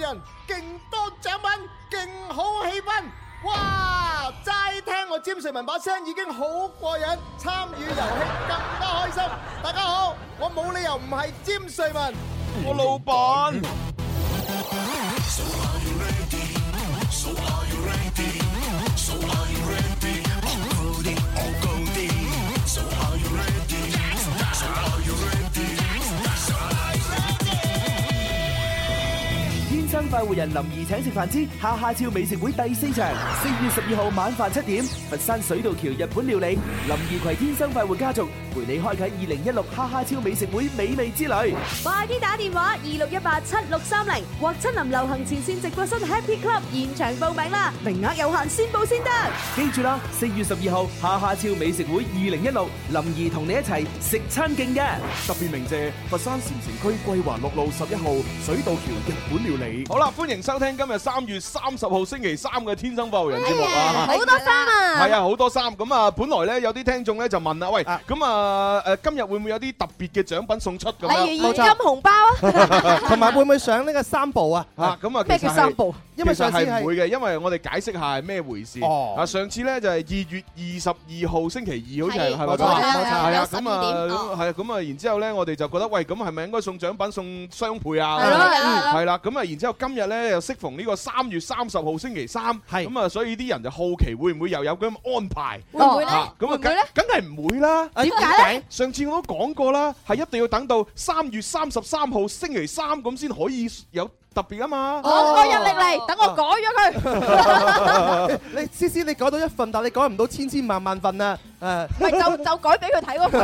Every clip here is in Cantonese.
勁多獎品，勁好氣氛，哇！齋聽我詹瑞文把聲已經好過癮，參與遊戲更加開心。大家好，我冇理由唔係詹瑞文，我老闆。快活人林怡請食飯之下下超美食會第四場，四月十二號晚飯七點，佛山水道橋日本料理，林怡葵天生快活家族。陪你開啟二零一六哈哈超美食會美味之旅，快啲打電話二六一八七六三零或親臨流行前線直播室 Happy Club 現場報名啦，名額有限，先報先得。記住啦，四月十二號哈哈超美食會二零一六，林怡同你一齊食餐勁嘅。特別鳴謝佛山禪城區季華六路十一號水道橋日本料理。好啦，歡迎收聽今日三月三十號星期三嘅天生快活人節目啦，好多衫啊，係啊，好多衫。咁啊，本來咧有啲聽眾咧就問啦，喂，咁啊。誒、呃、誒，今日會唔會有啲特別嘅獎品送出咁？例如現金紅包啊，同埋 會唔會上呢個三步啊？吓咁啊，咩、嗯啊啊、叫三步？其實係唔會嘅，因為我哋解釋下係咩回事。啊，上次咧就係二月二十二號星期二，好似係咪啊？係啊，咁啊係咁啊，然之後咧，我哋就覺得喂，咁係咪應該送獎品送雙倍啊？係咯係咯係啦。咁啊，然之後今日咧又適逢呢個三月三十號星期三，係咁啊，所以啲人就好奇會唔會又有咁安排？會唔會咧？咁啊，梗係唔會啦。點解咧？上次我都講過啦，係一定要等到三月三十三號星期三咁先可以有。特別啊嘛，我、哦、人力嚟，等我改咗佢、啊 你思思，你改到一份，但你改唔到千千萬萬份啊！誒、uh,，唔係就就改俾佢睇嗰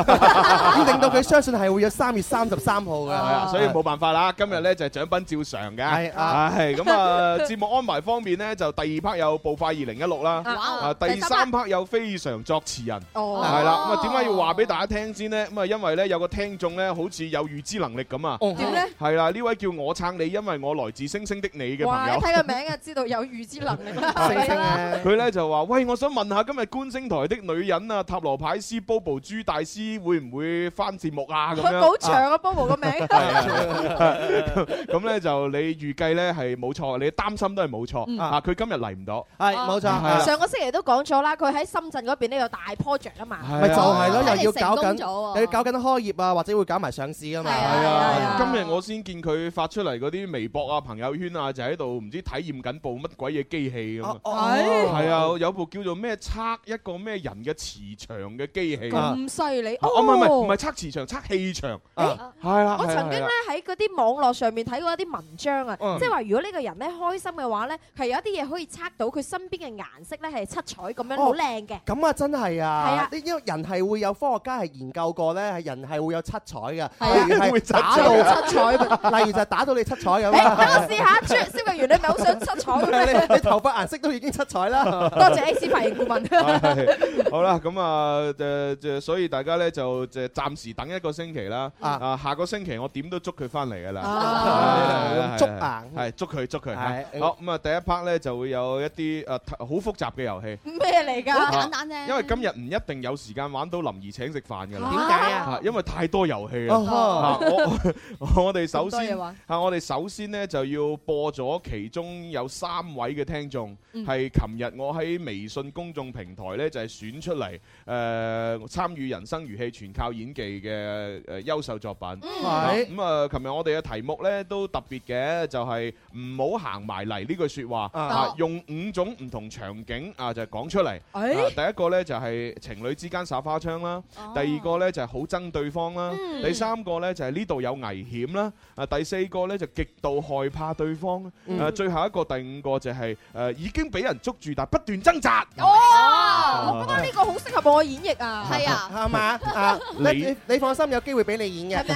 要令到佢相信係會有三月三十三號嘅、uh,，uh, uh, 所以冇辦法啦。今日咧就係獎品照常嘅，係，係咁啊。節目安排方面咧，就第二 part 有步快二零一六啦，uh, uh, uh, 第，三第三 part 有非常作詞人，係、oh, 啦、uh, uh,。咁、uh, 啊、嗯，點、嗯、解要話俾大家聽先呢？咁啊，因為咧有個聽眾咧，好似有預知能力咁啊。點、uh、咧 -huh.？係 啦，呢位叫我撐你，因為我來自星星的你嘅朋友，睇個名啊，知道有預知能力。佢咧就話：喂，我想問下今日觀星台的女人啊！塔羅牌師 Bobo 朱大師會唔會返節目啊？咁佢好長啊，Bobo 個名。係啊，咁咧就你預計咧係冇錯，你擔心都係冇錯啊！佢今日嚟唔到，係冇錯。係上個星期都講咗啦，佢喺深圳嗰邊咧有大 project 啊嘛，係咪就係咯，又要搞緊，又要搞緊開業啊，或者會搞埋上市啊嘛。係啊！今日我先見佢發出嚟嗰啲微博啊、朋友圈啊，就喺度唔知體驗緊部乜鬼嘢機器咁啊！係係啊，有部叫做咩測一個咩人嘅磁場嘅機器咁犀利哦！唔係唔係測磁場，測氣場、啊欸。係啦，我曾經咧喺嗰啲網絡上面睇過一啲文章啊，即係話如果呢個人咧開心嘅話咧，係有一啲嘢可以測到佢身邊嘅顏色咧係七彩咁樣、喔、好靚嘅。咁啊真係啊！呢、啊啊、因為人係會有科學家係研究過咧，人係會有七彩㗎，例如會打到七彩，例如就係打到你七彩咁。等、 欸、我試下朱消極元，你咪好想七彩你，你頭髮顏色都已經七彩啦！ 多謝 A C 髮型顧問。 好啦，咁、嗯、啊～啊，誒，就所以大家咧就就暫時等一個星期啦。啊，下個星期我點都捉佢翻嚟噶啦。捉啊，係捉佢，捉佢。係。好咁啊！第一 part 咧就會有一啲誒好複雜嘅遊戲。咩嚟噶？簡單啫。因為今日唔一定有時間玩到林兒請食飯噶啦。點解啊？因為太多遊戲啦。我我哋首先係我哋首先咧就要播咗其中有三位嘅聽眾，係琴日我喺微信公眾平台咧就係選出嚟。誒參與人生如戲，全靠演技嘅誒優秀作品。係咁啊！琴日我哋嘅題目咧都特別嘅，就係唔好行埋嚟呢句説話，用五種唔同場景啊，就係講出嚟。第一個咧就係情侶之間耍花槍啦，第二個咧就係好憎對方啦，第三個咧就係呢度有危險啦，第四個咧就極度害怕對方，誒最後一個第五個就係誒已經俾人捉住，但不斷掙扎。哦，我覺得呢個好適合。我演繹啊，係啊，係嘛啊？你你放心，有機會俾你演嘅，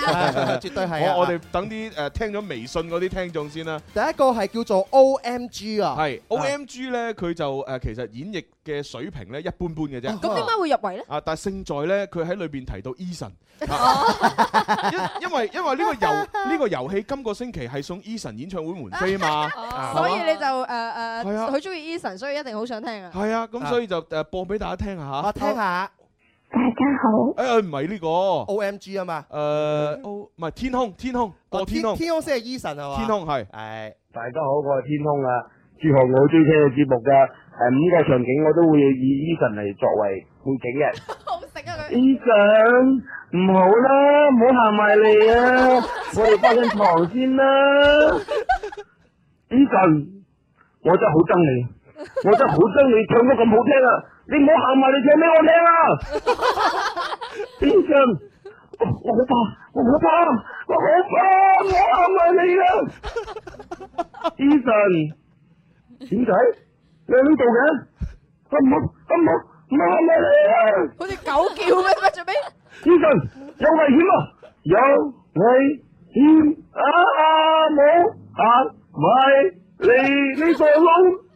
絕對係啊！我我哋等啲誒聽咗微信嗰啲聽眾先啦。第一個係叫做 OMG 啊，係 OMG 咧，佢就誒其實演繹嘅水平咧一般般嘅啫。咁點解會入圍咧？啊，但係勝在咧，佢喺裏邊提到 Eason，因因為因為呢個遊呢個遊戲今個星期係送 Eason 演唱會門飛嘛，所以你就誒誒，佢中意 Eason，所以一定好想聽啊。係啊，咁所以就誒播俾大家聽下嚇。.下，大家好。誒、欸，唔係呢個 OMG、呃、O M G 啊嘛。誒，O 唔係天空，天空個天空，哦、天空先係 Eason 係嘛？天空係。係、哎。大家好，我係天空啊！祝賀我好中意聽嘅節目噶。係、嗯、五、呢個場景，我都會以 Eason 嚟作為背景嘅。 好食啊 Eason，唔好啦，唔好行埋嚟啊！ 我哋翻張床先啦。 Eason，我真係好憎你。我真係好憎你唱得咁好聽啊！你唔好喊埋你唱俾我聽啦，Eason，我好怕，我好怕，我好怕，我喊埋你啊！Eason，點解你喺度嘅？我唔好，我唔好喊埋你啊！好似狗叫咩？做咩？Eason，有危險啊！有危險阿阿冇行埋你呢個窿。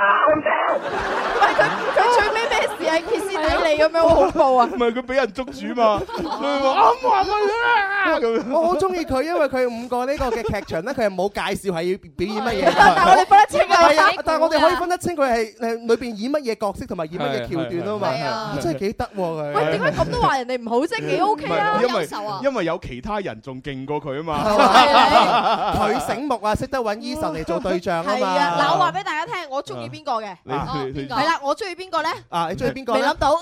唔係，佢佢最尾咩事啊？歇斯底里咁樣好恐怖啊！唔係佢俾人捉住嘛？佢話啱話咩啊？咁我好中意佢，因為佢五個呢個嘅劇場咧，佢係冇介紹係要表演乜嘢。但係我哋分得清啊！係啊！但係我哋可以分得清佢係誒裏邊演乜嘢角色同埋演乜嘢橋段啊嘛！係啊！真係幾得嘅。喂，點解咁都話人哋唔好啫？幾 OK 啊？Eason 啊！因為因為有其他人仲勁過佢啊嘛！佢醒目啊，識得搵 Eason 嚟做對象啊嘛！嗱，我話俾大家聽，我中意。邊個嘅？係啦，我中意邊個咧？啊，你中意邊個？未諗到。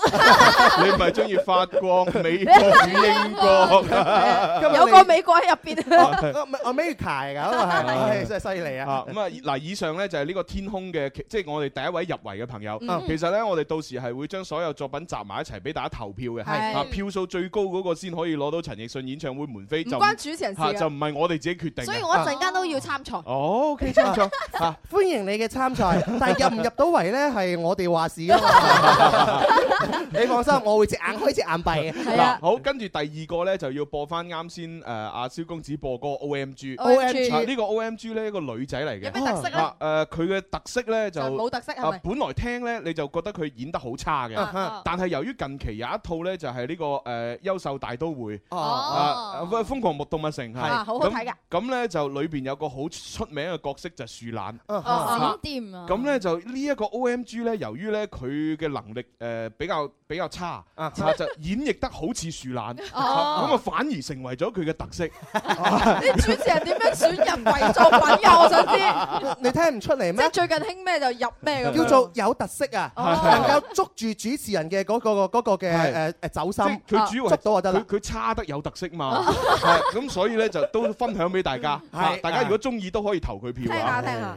你唔係中意法國美國 英國嗎？有個美國喺入邊。阿阿美卡嚟噶，真係犀利啊！咁、嗯、啊，嗱、嗯，以上咧就係呢個天空嘅，即係我哋第一位入圍嘅朋友。其實咧，我哋到時係會將所有作品集埋一齊，俾大家投票嘅。係啊，票數最高嗰個先可以攞到陳奕迅演唱會門飛。唔關主持人事、啊。就唔係我哋自己決定的。所以我一陣間都要參賽。啊、哦，OK，參賽。啊，歡迎你嘅參賽。 入唔入到圍咧，係我哋話事啊嘛！ 你放心，我會隻眼 開隻眼閉嘅。係 啦、啊，好，跟住第二個咧就要播翻啱先誒阿蕭公子播嗰個 OMG, o, -M o M G。啊這個、o M G 呢個 O M G 咧，一個女仔嚟嘅。有咩特色咧？誒、啊，佢、呃、嘅特色咧就冇特色。誒、啊，本來聽咧你就覺得佢演得好差嘅、啊啊，但係由於近期有一套咧就係、是、呢、這個誒、呃、優秀大都會哦，誒、啊啊啊啊、瘋狂木動物城係，啊啊、好好睇㗎。咁咧就裏邊有個好出名嘅角色就是，樹懶咁咧、啊啊啊啊、就。呢、這、一個 O M G 咧，由於咧佢嘅能力誒比較比較差， 就演繹得好似樹懶，咁啊反而成為咗佢嘅特色。啲、 啊、主持人點樣選入為作品噶？ 我想知。你聽唔出嚟咩？即係最近興咩就入咩，叫做有特色啊，能夠捉住主持人嘅嗰、那個、那個嘅誒誒走心。主要捉到就得。佢、啊、佢差得有特色嘛，咁、啊啊、 所以咧就都分享俾大家。大家如果中意都可以投佢票啊。大家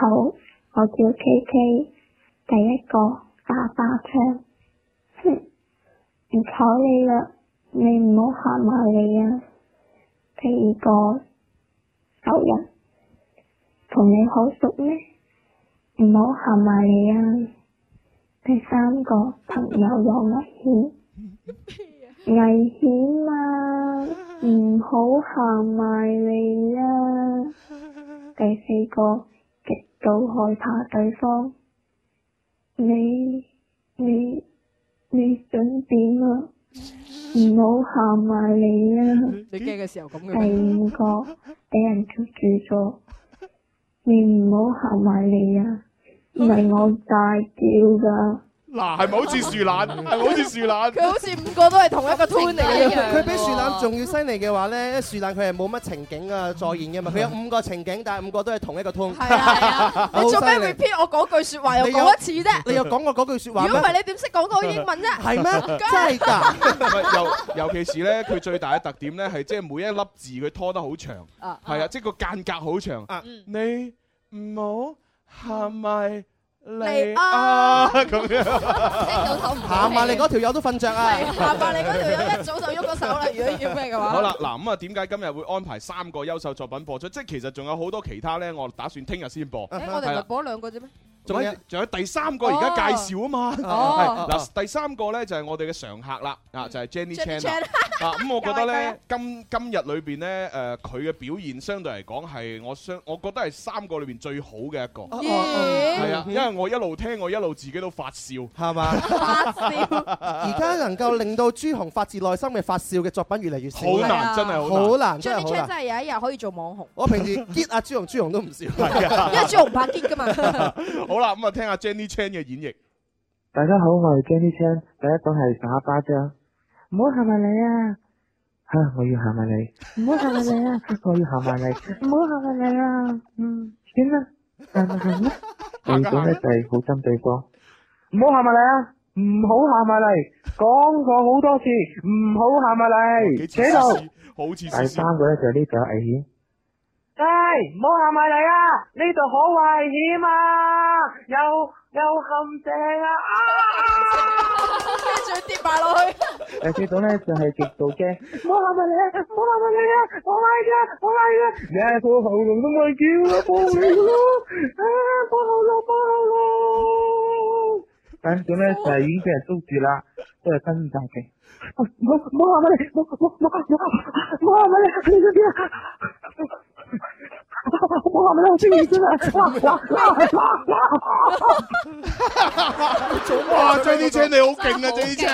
好。我叫 KK，第一個打花槍，哼，唔睬你啦，你唔好行埋嚟啊。第二個仇人，同你好熟咩？唔好行埋嚟啊。第三個朋友有危險 危險，危險啊，唔好行埋嚟啊。第四個。就害怕對方，你你你想點啊？唔好行埋嚟啊！你驚嘅時候咁樣。第五個俾人捉住咗，你唔好行埋嚟啊！唔係我大叫噶。嗱，係咪好似樹懶？係、嗯、咪好似樹懶？佢好似五個都係同一個 tone 嚟嘅。佢比樹懶仲要犀利嘅話咧，樹懶佢係冇乜情景啊，再現嘅嘛。佢、嗯、有五個情景，但係五個都係同一個 tone。係啊，啊 你做咩 repeat 我嗰句説話又講一次啫？你又講過嗰句説話。如果唔係你點識講嗰個英文啫？係咩？ 真係是噶的。又 尤其是咧，佢最大嘅特點咧係即係每一粒字佢拖得好長。啊，係啊，啊，即係個間隔好長。啊，你唔好，下咪？嚟啊！行埋你嗰條友都瞓着啊！行埋你嗰條友一早就喐咗手啦！ 如果要咩嘅話 好，好啦，嗱咁啊，點解今日會安排三個優秀作品播出？即係其實仲有好多其他咧，我打算聽日先播。 誒、欸，我哋咪播兩個啫咩？ 仲有仲有第三個而家介紹啊嘛，嗱、哦哦、第三個咧就係我哋嘅常客啦，啊、嗯、就係、是、Jenny Chan 啊、嗯，咁、嗯、我覺得咧今今日裏邊咧誒佢嘅表現相對嚟講係我相我覺得係三個裏邊最好嘅一個，係、哦嗯、啊、嗯，因為我一路聽我一路自己都發笑，係嘛？發笑，而 家能夠令到朱紅發自內心嘅發笑嘅作品越嚟越少，好難、啊、真係好難，難，難，Jenny Chan 真係有一日可以做網紅。我平時激阿朱紅，朱紅都唔笑， 因為朱紅不怕激噶嘛。 好啦，咁啊，聽下 Jenny Chan 嘅演繹。大家好，我係 Jenny Chan。第一個係打巴掌，唔好行埋你啊！吓，我要行埋你。唔好行埋你啊！我要行埋你。唔好行埋你啊！嗯，算啦，行咪行咩？第二種咧就係好針對過，唔好行埋嚟啊！唔好行埋嚟，講過好多次，唔好行埋嚟。幾多次？第三次。第三個咧就呢個危險。唉、哎，唔好行埋嚟啊！呢度好危險啊，又又陷阱啊！啊！跟住跌埋落去，哎。誒、見、就是 哎、到咧就係極度驚。唔好行埋嚟，唔好行埋嚟啊！我嗌噶，我嗌噶。你喺我喉嚨都未叫啦，暴龍咯！啊，暴龍，暴龍。咁咧就已經畀人捉住啦，就真正驚。好，唔好喊埋嚟，唔唔唔唔唔好喊埋你 哇！唔好驚啲車，哇哇哇哇哇！哇！真係啲車你好勁啊！真係啲車，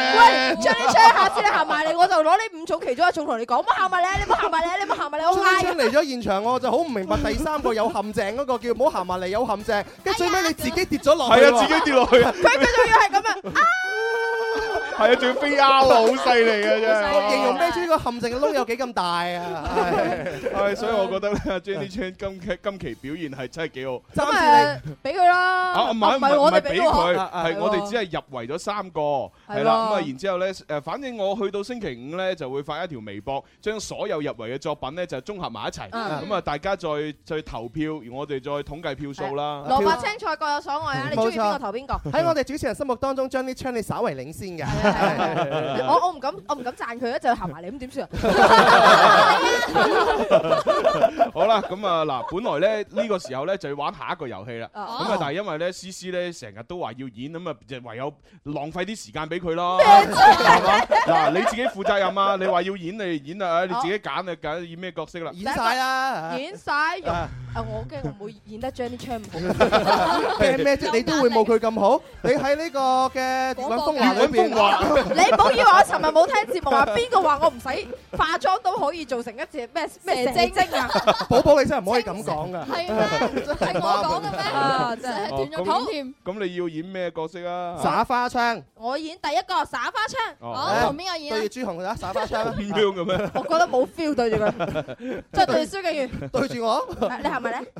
真係啲車，下次你行埋嚟，我就攞呢五種其中一種同你講，唔好行埋嚟，你唔好行埋嚟，你唔好行埋嚟，我嗌。真嚟咗現場，我就好唔明白，第三個有陷阱嗰、那個、 個叫唔好行埋嚟，有陷阱。跟、哎、住最尾你自己跌咗落去啊。 啊，自己跌落去啊。佢 最重要係咁啊。 係、哦、啊！仲要飛 R 咯，好犀利啊！真係。形容孭出呢個陷阱嘅窿有幾咁大啊？係，所以我覺得咧 Jenny Chan 今期今期表現係真係幾好。真係俾佢啦。唔係唔係，他啊啊啊、我哋俾佢係我哋只係入圍咗三個係啦。咁啊，然之後咧誒，反正我去到星期五咧就會發一條微博，將所有入圍嘅作品咧就綜合埋一齊。咁啊、嗯，大家再再投票，我哋再統計票數啦。蘿蔔青菜各有所愛啊！你中意邊個投邊個？喺我哋主持人心目當中 Jenny Chan 你稍為領先嘅。我我唔敢我唔敢讚佢咧，就行埋你咁點算啊？好啦，咁啊嗱，本來咧呢個時候咧就要玩下一個遊戲啦。咁啊，但係因為咧詩詩咧成日都話要演，咁啊，唯有浪費啲時間俾佢咯。係嘛？嗱，你自己負責任啊！你話要演你演啊，你自己揀啊，揀演咩角色啦？演晒啊，演晒。啊，我驚唔會演得最唱唔好。咩咩啫？你都會冇佢咁好？你喺呢個嘅《粵語風雲》裏邊。你唔好以為我尋日冇聽節目啊！邊個話我唔使化妝都可以做成一隻咩咩精精啊？寶寶你真係唔可以咁講噶，係咩？係我講嘅咩？真係斷咗骨添。咁你要演咩角色啊？耍花槍。我演第一個耍花槍。哦。同邊個演？對住朱紅啊，耍花槍邊樣咁樣？我覺得冇 feel，對住佢，即係對住蘇敬元。對住我。你係咪咧？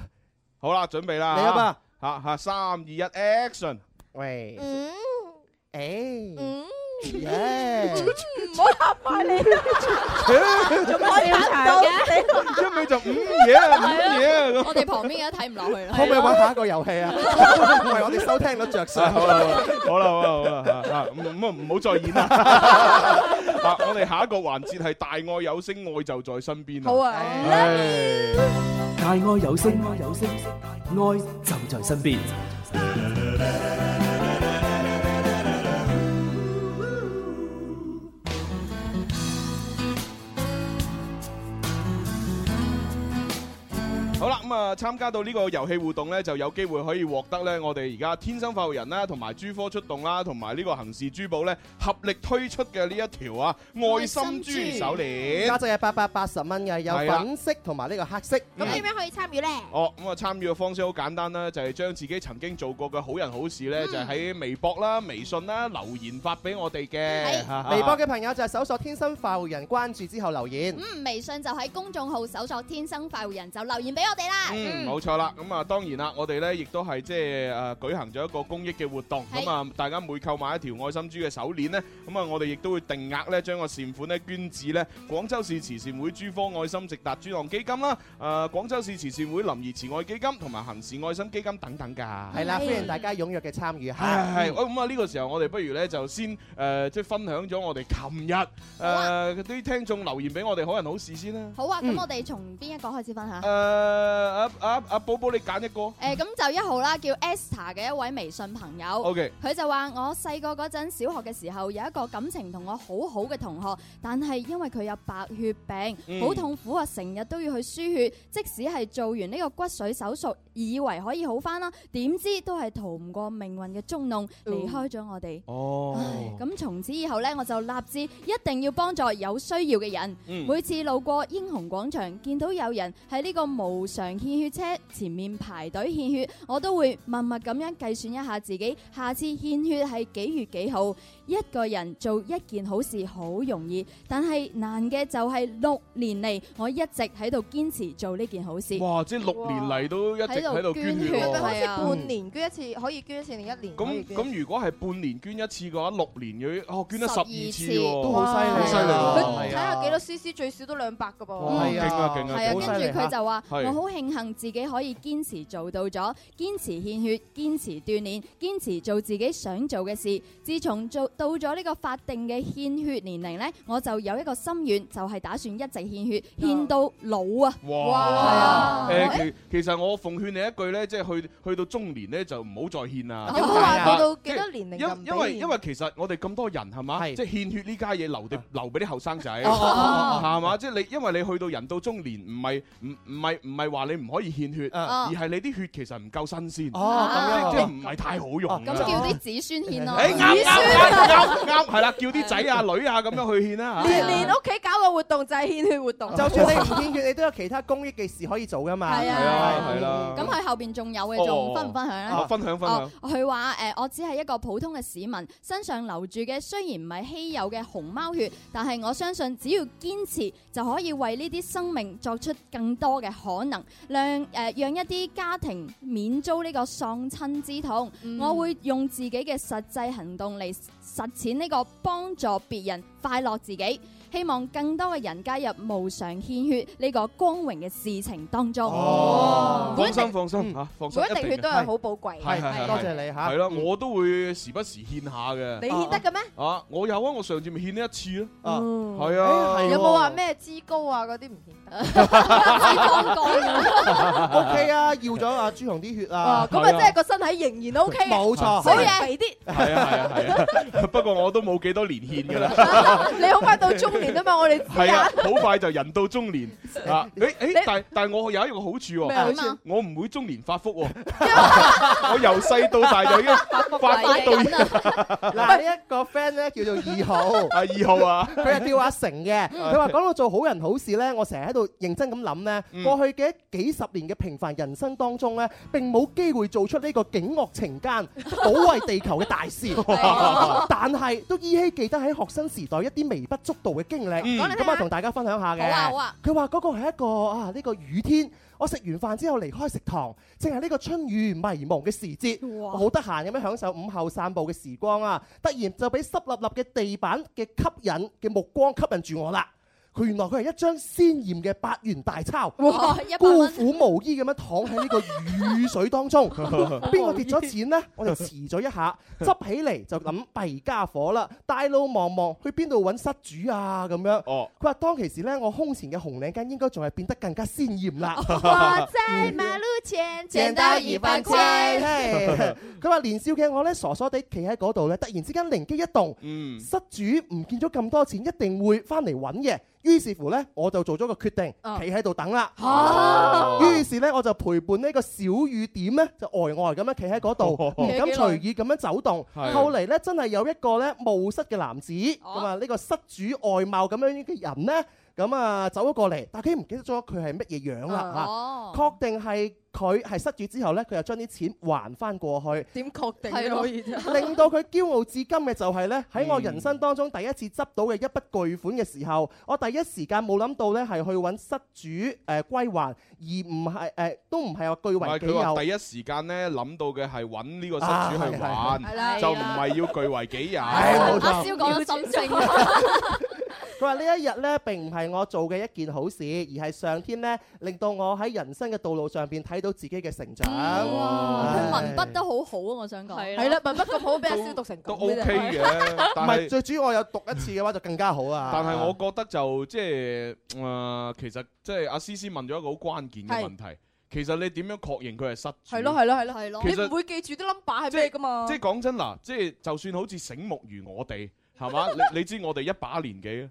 好啦，準備啦，嚟啦嘛！吓吓，三二一，action！喂，嗯，誒，嗯。嘢，唔好吓埋你，點解咁難嘅？一尾就五嘢啊，五嘢啊咁。我哋旁邊而家睇唔落去啦。可唔可以玩下一個遊戲啊？唔係我哋收聽咗着數，好啦，好啦，好啦，吓唔唔好再演啦。啊，我哋下一個環節係大愛有聲，愛就在身邊啦。好啊，係大愛有聲，愛有聲，愛就在身邊。好啦，咁、嗯、啊，參加到呢個遊戲互動呢，就有機會可以獲得呢。我哋而家天生快育人天生快活人啦、啊，同埋珠科出動啦、啊，同埋呢個行事珠寶呢，合力推出嘅呢一條啊，愛心珠手鏈，加值價值係八百八十蚊嘅，有粉色同埋呢個黑色。咁點、啊、樣可以參與呢？哦，咁、嗯、啊，參與嘅方式好簡單啦，就係、是、將自己曾經做過嘅好人好事呢，嗯、就喺、是、微博啦、微信啦留言發俾我哋嘅。 微博嘅朋友就係搜索天生快育人天生快活人，關注之後留言。嗯，微信就喺公眾號搜索天生快育人天生快活人，就留言俾我。我哋啦，嗯，冇錯啦，咁啊，當然啦，我哋咧亦都係即係誒舉行咗一個公益嘅活動，咁啊，大家每購買一條愛心珠嘅手鏈咧，咁啊，我哋亦都會定額咧將個善款咧捐至咧廣州市慈善會珠科愛心直達專項基金啦，誒，廣州市慈善會林怡慈愛基金同埋行善愛心基金等等噶，係啦，歡迎大家踊躍嘅參與吓，係，咁啊呢個時候我哋不如咧就先誒即係分享咗我哋琴日誒啲聽眾留言俾我哋好人好事先啦，好啊，咁我哋從邊一個開始分享？誒。誒阿阿寶寶，啊啊、寶寶你揀一個誒咁、uh, 就一號啦，叫 Esther 嘅一位微信朋友，佢、okay. 就話我細個嗰陣小學嘅時候，有一個感情同我好好嘅同學，但係因為佢有白血病，好、嗯、痛苦啊，成日都要去輸血，即使係做完呢個骨髓手術，以為可以好翻啦，點知都係逃唔過命運嘅捉弄，離開咗我哋。哦、嗯，咁從此以後呢，我就立志一定要幫助有需要嘅人、嗯。每次路過英雄廣場，見到有人喺呢個無常獻血車前面排隊獻血，我都會默默咁樣計算一下自己下次獻血係幾月幾號。一個人做一件好事好容易，但係難嘅就係六年嚟我一直喺度堅持做呢件好事。哇！即係六年嚟都一直喺度捐血，係啊。好似半年捐一次，可以捐一次定一年？咁咁，如果係半年捐一次嘅話，六年佢哦捐咗十二次喎，都好犀利，犀利喎。佢睇下幾多 cc，最少都兩百嘅噃。係啊，係啊，跟住佢就話：我好慶幸自己可以堅持做到咗，堅持獻血，堅持鍛鍊，堅持做自己想做嘅事。自從做到咗呢個法定嘅獻血年齡咧，我就有一個心願，就係打算一直獻血，uh, 獻到老啊！哇、wow. -huh.，係啊！誒其其實我奉勸你一句咧，即係去去到中年咧，就唔好再獻啦。有冇話到到幾多年齡？因因為因為其實我哋咁多人係嘛，即係獻血呢家嘢留定、oh、留俾啲後生仔係嘛？即、oh、係、oh oh oh oh. 即係、你因為你去到人到中年唔係，唔係唔唔係唔係話你唔可以獻血，uh oh. 而係你啲血其實唔夠新鮮，即係唔係太好用。咁、uh oh. 叫啲子孫獻咯，子、hey、孫。主持人 ănuan 啱啱係啦，叫啲仔啊、女啊咁樣去獻啦、啊。連屋企、啊、搞個活動就係獻血活動、啊。就算你唔獻血，你都有其他公益嘅事可以做噶嘛。係啊，係啦、啊。咁佢、啊啊、後邊仲有嘅，仲分唔分享咧、哦？分享分享。佢話誒，我只係一個普通嘅市民，身上留住嘅雖然唔係稀有嘅熊貓血，但係我相信只要堅持，就可以為呢啲生命作出更多嘅可能，讓誒讓一啲家庭免遭呢個喪親之痛。我會用自己嘅實際行動嚟。實踐呢個幫助別人快樂自己。希望更多嘅人加入無償獻血呢、這個光榮嘅事情當中。哦、放心放心吓，每、嗯啊、一滴血都係好寶貴嘅，多謝你吓。係啦、啊，我都會時不時獻下嘅。你獻得嘅咩？啊，我有啊，我上次咪獻咗一次咯。係啊、嗯啊、哎、啊，有冇話咩脂高啊嗰啲唔獻得？O K 啊，要咗阿朱紅啲血啊。咁 啊高的，即係個身體仍然 O K，冇錯。所以肥啲。係啊係啊係啊，不過我都冇幾多年獻噶啦。你好快到中。我哋係啊，好快就人到中年 啊！誒誒、欸，但係但係我有一個好處，好處我唔會中年發福、啊 啊、我由細到大就已經發福到。嗱、啊， 這個、呢一個 friend 咧叫做二號 啊，二號啊，佢係叫阿成嘅。佢話講到做好人好事咧，我成日喺度認真咁諗咧，過去嘅幾十年嘅平凡人生當中咧，並冇機會做出呢個警惡懲奸、保衞地球嘅大事， 但係都依稀記得喺學生時代一啲微不足道嘅。經歷咁啊，同大家分享一下嘅。佢話：嗰個係一個啊，呢個雨天，我食完飯之後離開食堂，正係呢個春雨迷蒙嘅時節，我好得閒咁樣享受午後散步嘅時光啊。突然就俾濕立立嘅地板嘅吸引嘅目光吸引住我啦。佢原來佢係一張鮮豔嘅百元大鈔，孤苦無依咁樣躺喺呢個雨水當中。邊個跌咗錢呢？ 我就遲咗一下，執起嚟就諗弊家伙啦！大路茫茫，去邊度揾失主啊？咁樣。哦。佢話當其時呢，我胸前嘅紅領巾應該仲係變得更加鮮豔啦。我在馬路前見、嗯、到二百塊。佢 話 年少嘅我呢，傻傻地企喺嗰度咧，突然之間靈機一動。嗯。失主唔見咗咁多錢，一定會翻嚟揾嘅。於是乎咧，我就做咗個決定，企喺度等啦。Oh. 於是呢，我就陪伴呢個小雨點呢，就呆呆咁、oh. 樣企喺嗰度，唔敢隨意咁樣走動。Oh. 後嚟呢，真係有一個呢，霧室嘅男子，咁啊呢個失主外貌咁樣嘅人呢。咁啊，走咗過嚟，但佢唔記得咗佢係乜嘢樣啦嚇。Uh、確定係佢係失主之後呢，佢又將啲錢還翻過去。點確定啊？令到佢驕傲至今嘅就係呢。喺我人生當中第一次執到嘅一筆巨款嘅時候，嗯、我第一時間冇諗到呢係去揾失主誒歸還，而唔係誒都唔係話據為己有。唔係第一時間呢諗到嘅係揾呢個失主去還，啊啊、就唔係要據為己有。哎。阿肖講咗心聲 佢話呢一日咧並唔係我做嘅一件好事，而係上天咧令到我喺人生嘅道路上邊睇到自己嘅成長。嗯、哇！佢文筆都好好啊，我想講。係啦， 文筆咁好，俾阿思讀成咁都，都 OK 嘅。但係最主要，我有讀一次嘅話就更加好啊。但係我覺得就即係誒，其實即係阿思思問咗一個好關鍵嘅問題。係。其實你點樣確認佢係失？係咯係咯係咯係咯。你唔會記住啲 number 係咩㗎嘛？即係講真嗱，即係就算好似醒目如我哋，係嘛？ 你你知我哋一把年紀啊。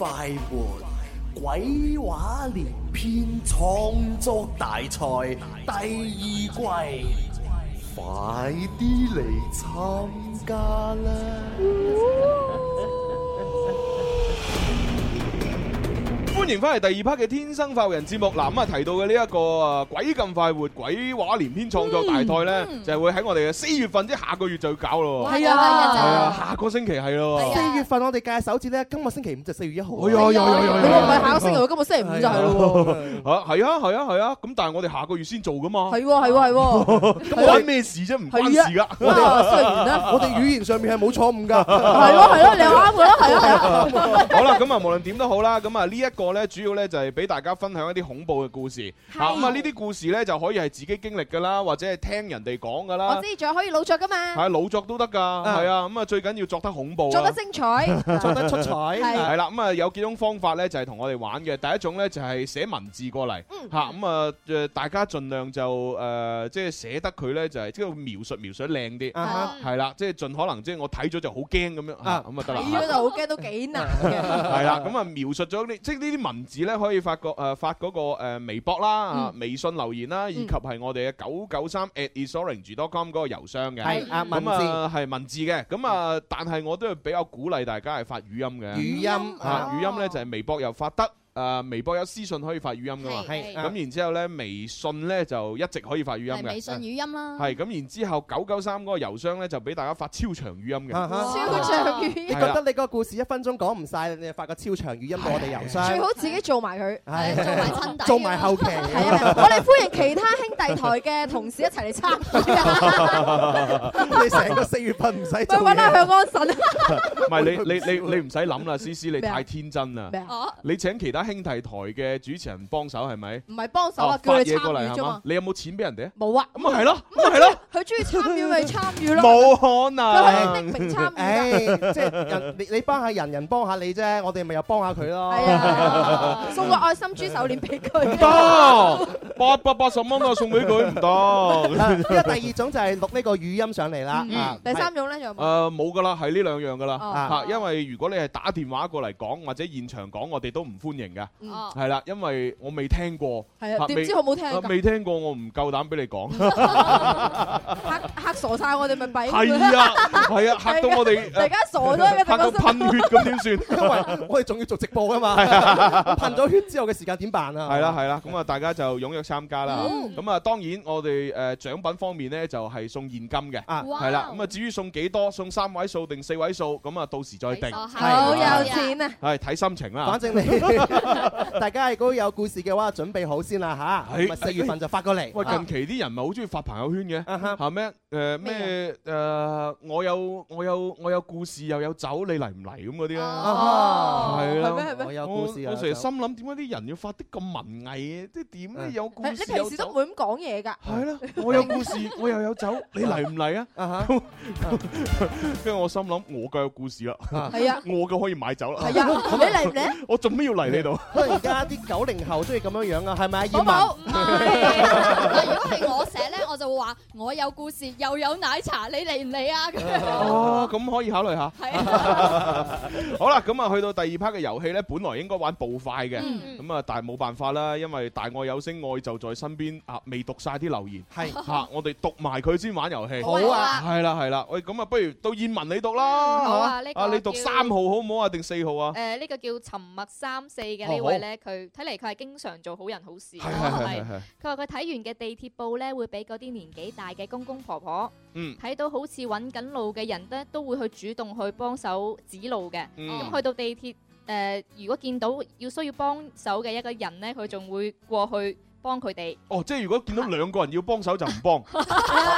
快活鬼話連篇創作大賽第二季，快啲嚟參加啦！歡迎翻嚟第二 part 嘅天生快活人節目。嗱咁啊提到嘅呢一個啊鬼咁快活、鬼話連篇創作大賽咧，mm. 就係會喺我哋嘅四月份即係下個月就要搞咯。係啊，啊，啊。下個星期係咯。四、yeah. 月份我哋屆首次咧，今日星期五就四月一號。你唔係下個星期，今日星期五就係咯。吓係啊係啊係啊，咁、yeah, yeah, yeah, yeah. 但係我哋下個月先做噶嘛。係係係，關咩事啫？唔關事噶。雖然咧，我哋語言上面係冇錯誤噶。係咯係咯，你啱噶咯，係啊。好啦，咁啊，無論點都好啦，咁啊呢一個。咧主要咧就係俾大家分享一啲恐怖嘅故事，咁啊呢啲故事咧就可以係自己經歷噶啦，或者係聽人哋講噶啦。我知，仲可以老作噶嘛？係老作都得噶，係啊。咁啊最緊要作得恐怖，作得精彩，作得出彩係啦。咁啊有幾種方法咧就係同我哋玩嘅，第一種咧就係寫文字過嚟，吓咁啊，大家盡量就誒即係寫得佢咧就係即係描述描述靚啲，係啦，即係盡可能即係我睇咗就好驚咁樣啊，咁啊得啦。睇咗就好驚都幾難，係啦。咁啊描述咗啲即係呢啲。文字咧可以發個誒、呃、發嗰個誒微博啦、嗯、微信留言啦，嗯、以及係我哋嘅九九三 at isorange.com 嗰個郵箱嘅，咁啊係文字嘅，咁啊，啊但係我都係比較鼓勵大家係發語音嘅，語音啊語音咧就係、是、微博又發得。誒微博有私信可以發語音噶嘛？係。咁然之後咧，微信咧就一直可以發語音嘅。微信語音啦。係咁，然之後九九三嗰個郵箱咧就俾大家發超長語音嘅。超長語音。你覺得你個故事一分鐘講唔曬，你發個超長語音落我哋郵箱。最好自己做埋佢，做埋親底，做埋後期。我哋歡迎其他兄弟台嘅同事一齊嚟參與。你成個四月份唔使就揾阿向安神。唔係你你你你唔使諗啦，思思你太天真啦。咩啊？你請其他兄弟台嘅主持人幫手係咪？唔係幫手啊，叫你參與啫嘛。你有冇錢俾人哋啊？冇啊。咁啊係咯，咁啊係咯。佢中意參與咪參與咯。冇可能。佢係匿名參與。即係人，你你幫下人人幫下你啫。我哋咪又幫下佢咯。係啊，係啊，送個愛心豬手鏈俾佢。唔得，八百八十蚊啊，送俾佢唔得。咁啊，第二種就係錄呢個語音上嚟啦。第三種咧仲有冇？誒冇㗎啦，係呢兩樣㗎啦。嚇，因為如果你係打電話過嚟講或者現場講，我哋都唔歡迎。噶，係啦，因為我未聽過，係啊，點知好冇聽噶？未聽過，我唔夠膽俾你講，吓吓傻晒我哋咪弊，係啊係啊，吓到我哋，大家傻咗嘅噴血咁點算？因為我哋仲要做直播噶嘛，噴咗血之後嘅時間點辦啊？係啦係啦，咁啊大家就踴躍參加啦。咁啊當然我哋誒獎品方面咧就係送現金嘅啊，係啦。咁啊至於送幾多，送三位數定四位數？咁啊到時再定。好有錢啊！係睇心情啦，反正你。大家如果有故事嘅話，準備好先啦吓，咪四月份就發過嚟。喂，近期啲人咪好中意發朋友圈嘅吓咩？誒咩？誒，我有我有我有故事又有酒，你嚟唔嚟咁嗰啲咧？啊，係啊，我有故事又有酒。我成日心諗，點解啲人要發啲咁文藝嘅？即係點咧？有故事有酒。你平時都唔會咁講嘢噶？係咯，我有故事，我又有酒，你嚟唔嚟啊？咁，跟住我心諗，我夠有故事啦。係啊，我夠可以買酒啦。係啊，你嚟唔嚟？我做咩要嚟你度？都而家啲九零後都係咁樣樣啊，係咪啊？燕文，唔係嗱，如果係我寫咧，我就會話我有故事又有奶茶，你嚟唔嚟啊？哦，咁可以考慮下。係啊，好啦，咁啊，去到第二 part 嘅遊戲咧，本來應該玩步快嘅，咁啊，但係冇辦法啦，因為大愛有聲，愛就在身邊啊！未讀晒啲留言，係吓，我哋讀埋佢先玩遊戲。好啊，係啦係啦，喂，咁啊，不如到燕文你讀啦，好啊，呢啊你讀三號好唔好啊？定四號啊？誒，呢個叫沉默三四。嘅呢位咧，佢睇嚟佢係經常做好人好事咯。係佢話佢睇完嘅地鐵報咧，會俾嗰啲年紀大嘅公公婆婆，睇、嗯、到好似揾緊路嘅人咧，都會去主動去幫手指路嘅。咁、嗯、去到地鐵，誒、呃，如果見到要需要幫手嘅一個人咧，佢仲會過去。幫佢哋哦，即係如果見到兩個人要幫手就唔幫，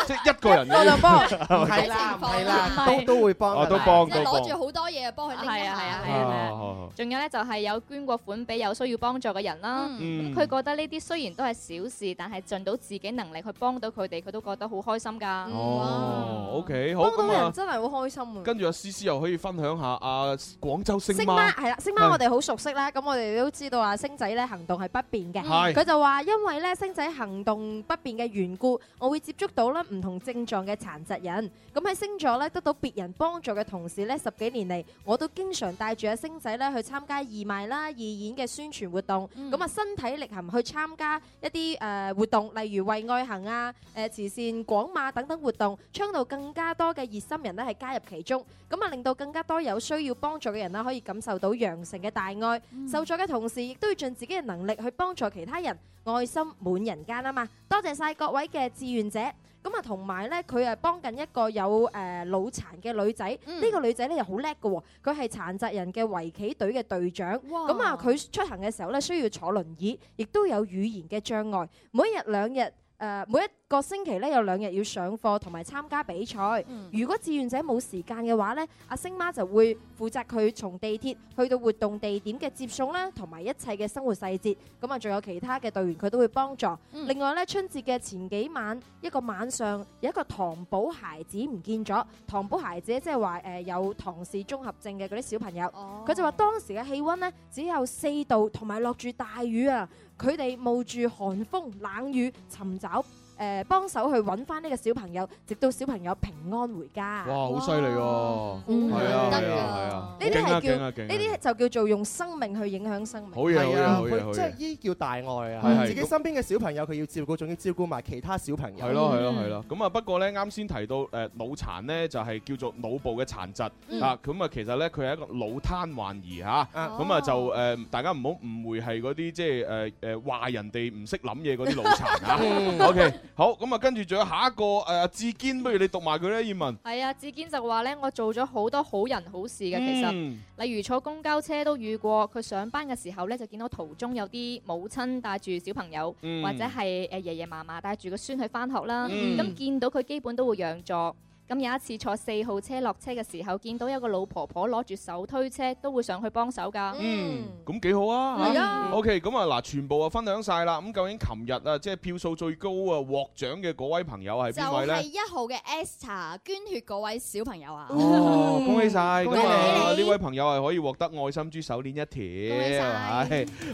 即係一個人要幫，係 是啦，係 都都會幫。啊、都幫攞住好多嘢幫佢哋。係啊係啊係啊！仲有咧就係有捐過款俾有需要幫助嘅人啦。咁、嗯、佢、嗯嗯、覺得呢啲雖然都係小事，但係盡到自己能力去幫到佢哋，佢都覺得好開心㗎。哦、啊、OK，好咁人真係好開心、啊。跟住阿詩詩又可以分享下阿、啊、廣州星媽係啦，星媽我哋好熟悉啦。咁我哋都知道阿星仔咧行動係不便嘅，佢、嗯嗯、就話因為咧星仔行動不便嘅緣故，我會接觸到咧唔同症狀嘅殘疾人。咁喺星座咧得到別人幫助嘅同時咧，十幾年嚟我都經常帶住阿星仔咧去參加義賣啦、義演嘅宣傳活動。咁、嗯、啊，身體力行去參加一啲誒活動，例如為愛行啊、誒慈善廣馬等等活動，倡導更加多嘅熱心人咧係加入其中。咁啊，令到更加多有需要幫助嘅人啦，可以感受到羊城嘅大愛。嗯、受助嘅同時，亦都要盡自己嘅能力去幫助其他人。愛心滿人間啊嘛，多謝晒各位嘅志願者，咁啊同埋咧，佢係幫緊一個有誒腦殘嘅女仔，呢、嗯、個女仔咧又好叻嘅，佢係殘疾人嘅圍棋隊嘅隊長，咁啊佢出行嘅時候咧需要坐輪椅，亦都有語言嘅障礙，每一日兩日誒每一。個星期咧有兩日要上課同埋參加比賽，嗯。如果志願者冇時間嘅話咧，阿星媽就會負責佢從地鐵去到活動地點嘅接送啦，同埋一切嘅生活細節。咁啊，仲有其他嘅隊員佢都會幫助。嗯、另外咧，春節嘅前幾晚一個晚上有一個唐寶孩子唔見咗，唐寶孩子即係話誒有唐氏綜合症嘅嗰啲小朋友。佢、哦、就話當時嘅氣温咧只有四度，同埋落住大雨啊！佢哋冒住寒風冷雨尋找，誒幫手去揾翻呢個小朋友，直到小朋友平安回家。哇！好犀利喎，係啊，係、嗯、啊，呢啲係叫呢啲、啊、就叫做用生命去影響生命。好嘢啊，啊！好嘢、啊啊，即係依叫大愛啊，啊，啊！自己身邊嘅小朋友佢要照顧，仲要照顧埋其他小朋友。係咯、啊，係咯、啊，係咯、啊。咁啊、嗯，不過咧，啱先提到誒腦、呃、殘咧，就係、是、叫做腦部嘅殘疾啊。咁、嗯、啊，其實咧，佢係一個腦癱患兒嚇。咁啊，就誒大家唔好誤會係嗰啲即係誒誒話人哋唔識諗嘢嗰啲腦殘啊。OK。好，咁啊，跟住仲有下一個，誒、呃，志堅，不如你讀埋佢咧，葉文。係啊，志堅就話咧，我做咗好多好人好事嘅、嗯，其實，例如坐公交車都遇過，佢上班嘅時候咧，就見到途中有啲母親帶住小朋友，嗯、或者係誒爺爺嫲嫲帶住個孫去返學啦，咁、嗯、見到佢基本都會讓座。咁有一次坐四號車落車嘅時候，見到一個老婆婆攞住手推車，都會上去幫手噶。嗯，咁、嗯、幾好啊！係啊。OK，咁啊嗱，全部啊分享晒啦。咁究竟琴日啊，即、就、係、是、票數最高啊，獲獎嘅嗰位朋友係邊位咧？就第、是、一號嘅 Esther 捐血嗰位小朋友啊！哦、恭喜晒！咁、嗯、啊呢、啊、位朋友係可以獲得愛心豬手鏈一條。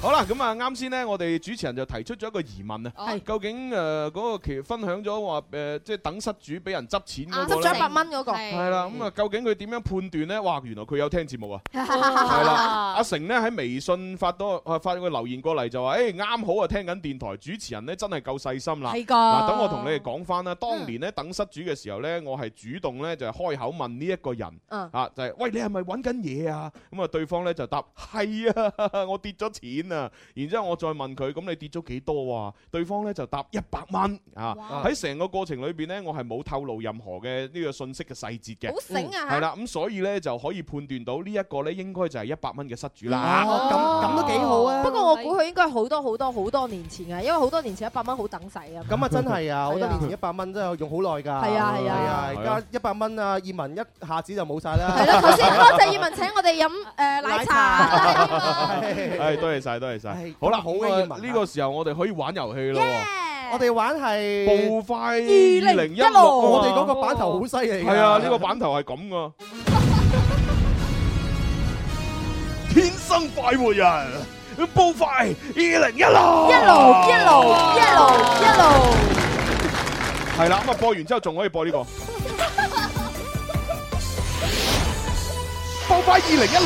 好啦，咁啊，啱 先呢，我哋主持人就提出咗一個疑問啊，究竟嗰、呃那個其分享咗話、呃、即係等失主俾人執錢嗰、那個。啊一百蚊嗰、那個啦，咁啊，嗯嗯究竟佢點樣判斷呢？哇，原來佢有聽節目啊！係 啦，阿、啊、成咧喺微信發多發個留言過嚟，就、欸、話：誒啱好啊，聽緊電台主持人咧，真係夠細心啦！嗱、啊，等我同你哋講翻啦。當年咧等失主嘅時候呢，我係主動咧就係、是、開口問呢一個人、嗯、啊，就係、是：喂你係咪揾緊嘢啊？咁啊，啊，啊，對方咧就答：係啊，我跌咗錢啊！然之後我再問佢：咁你跌咗幾多啊？對方咧就答：一百蚊啊！喺成個過程裏邊呢，我係冇透露任何嘅。呢個信息嘅細節嘅，好醒啊，係啦，咁所以咧就可以判斷到呢一個咧應該就係一百蚊嘅失主啦。咁咁都幾好啊！不過我估佢應該好多好多好多年前啊，因為好多年前一百蚊好等使啊。咁啊真係啊，好多年前一百蚊真係用好耐㗎。係啊係啊，而家一百蚊啊！葉文一下子就冇晒啦。係咯，頭先多謝葉文請我哋飲誒奶茶。係，多謝晒，多謝晒。好啦，好，葉文，呢個時候我哋可以玩遊戲啦。我哋玩係暴快二零一六，我哋嗰個版頭好犀利。係啊，呢個版頭係咁噶，天生快活人，暴快二零一六，一路一路一路一路，係啦。咁啊，播完之後仲可以播呢個暴快二零一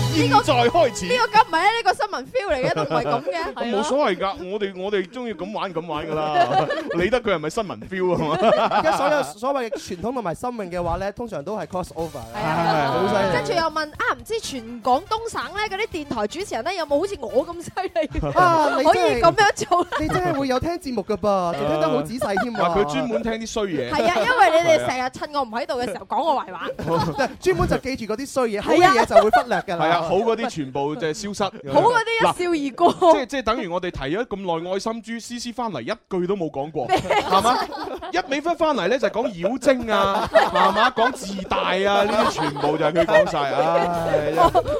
六。呢個再開始、呢個，呢、呢個咁唔係呢個新聞 feel 嚟嘅，都唔係咁嘅。冇、 啊啊、所謂㗎，我哋我哋中意咁玩咁玩㗎啦。 理得佢係咪新聞 feel 啊嘛？而家所有 所謂嘅傳統同埋生命嘅話咧，通常都係 cross over。係啊，好犀利。跟住又問啊，唔知全廣東省咧嗰啲電台主持人咧，有冇好似我咁犀利啊？可以咁樣做。你真係會有聽節目㗎噃，仲、 啊、聽得好仔細添啊！佢專門聽啲衰嘢。係啊，因為你哋成日趁我唔喺度嘅時候講 我壞話， 專門就記住嗰啲衰嘢， 好嘢就會忽略嘅。係啊。好嗰啲全部就係消失，好嗰啲一笑而過。 即即係等於我哋提咗咁耐愛心豬絲絲翻嚟一句都冇講過，係 嘛？一尾翻翻嚟咧就係、講妖精啊，麻 麻、啊、講自大啊，呢啲全部就係佢講晒啊！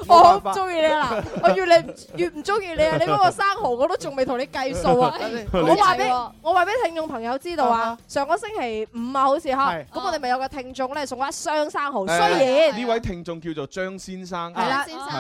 我好中意你啊，我，唔中意你 我越嚟越唔中意你啊！你嗰個生蠔我都仲未同你計數啊！ 我話俾我話俾聽眾朋友知道啊！上個星期五啊，好似吓，咁我哋咪有個聽眾咧送一雙生蠔，雖然呢位聽眾叫做張先生。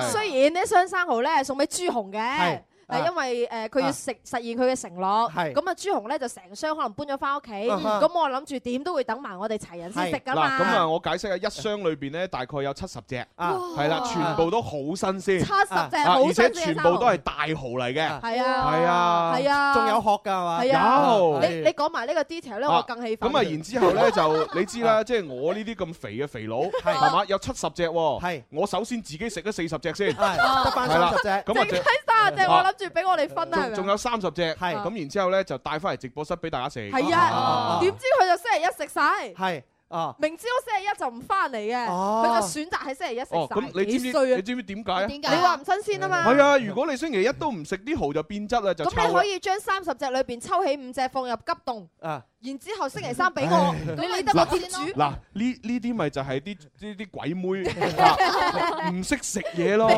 雖然呢雙生蠔咧係送俾朱紅嘅。誒、啊，因為誒佢要食、啊、實現佢嘅承諾，咁啊朱紅咧就成箱可能搬咗翻屋企，咁、嗯啊、我諗住點都會等埋我哋齊人先食噶嘛。咁啊，我解釋啊，一箱裏邊咧大概有七十隻，係、啊、啦、啊，全部都好新鮮、啊，七十隻好、啊、新鮮，全部都係大蠔嚟嘅，係啊，係啊，仲有殼㗎嘛？啊。啊啊啊啊啊啊你啊你講埋呢個 detail 咧、啊，我更喜歡。咁啊，然之後咧 就你知啦，即 係我呢啲咁肥嘅肥佬係嘛？有七十隻喎，我首先自己食咗四十隻先，得翻三十隻，咁我睇三十隻我諗。跟住俾我哋分係咪？仲有三十隻，咁然之後咧就帶翻嚟直播室俾大家食。係啊，點、啊、知佢就星期一食晒。係、啊啊啊，哦，明知我星期一就唔翻嚟嘅，佢就選擇喺星期一食晒。幾衰啊！你知唔知點解？點解？你話唔新鮮啊嘛？係啊，如果你星期一都唔食啲蠔就變質啦，就咁你可以將三十隻裏邊抽起五隻放入急凍。啊。然之後星期三俾我，你你理得我店主嗱，呢呢啲咪就係啲啲啲鬼妹，唔識食嘢咯。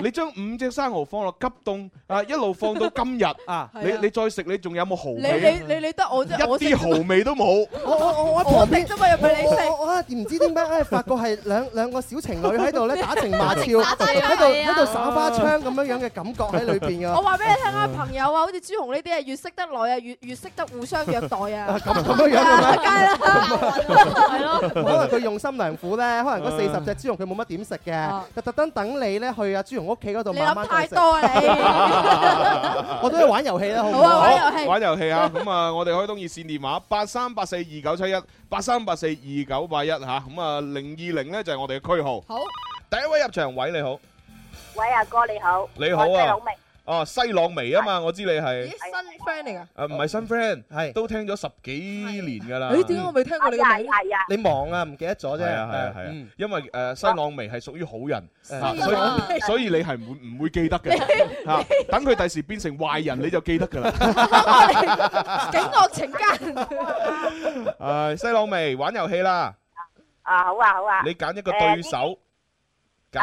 你將五隻生蠔放落急凍啊，一路放到今日啊，你你再食你仲有冇蠔味？你你你你理得我一啲蠔味都冇。我我我我旁邊我我唔知點解，哎發覺係兩兩個小情侶喺度咧打情罵俏，喺度喺度耍花槍咁樣樣嘅感覺喺裏邊噶。我話俾你聽啊，朋友啊，好似朱紅呢啲啊，越識得耐啊，越越識得互相虐待啊。咁咁樣係咪？梗係啦，係咯。可能佢用心良苦咧，可能嗰四十隻豬肉佢冇乜點食嘅，就特登等你咧去阿豬肉屋企嗰度。你諗太多啊！你，我都去玩遊戲啦，好唔好？玩遊戲，玩遊戲啊！咁啊，我哋開通熱線電話八三八四二九七一，八三八四二九八一吓。咁啊，零二零咧就係我哋嘅區號。好，第一位入場位你好，喂阿哥你好，你好啊。哦，西朗眉啊嘛，我知你係。咦，新 friend 嚟噶？誒，唔係新 friend，係都聽咗十幾年噶啦。咦，點解我未聽過你嘅名？係啊，你忙啊，唔記得咗啫。係啊係啊係啊，因為誒西朗眉係屬於好人，所以所以你係唔會唔會記得嘅。吓，等佢第時變成壞人，你就記得噶啦。警惡懲奸。誒，西朗眉玩遊戲啦。啊，好啊好啊。你揀一個對手，揀。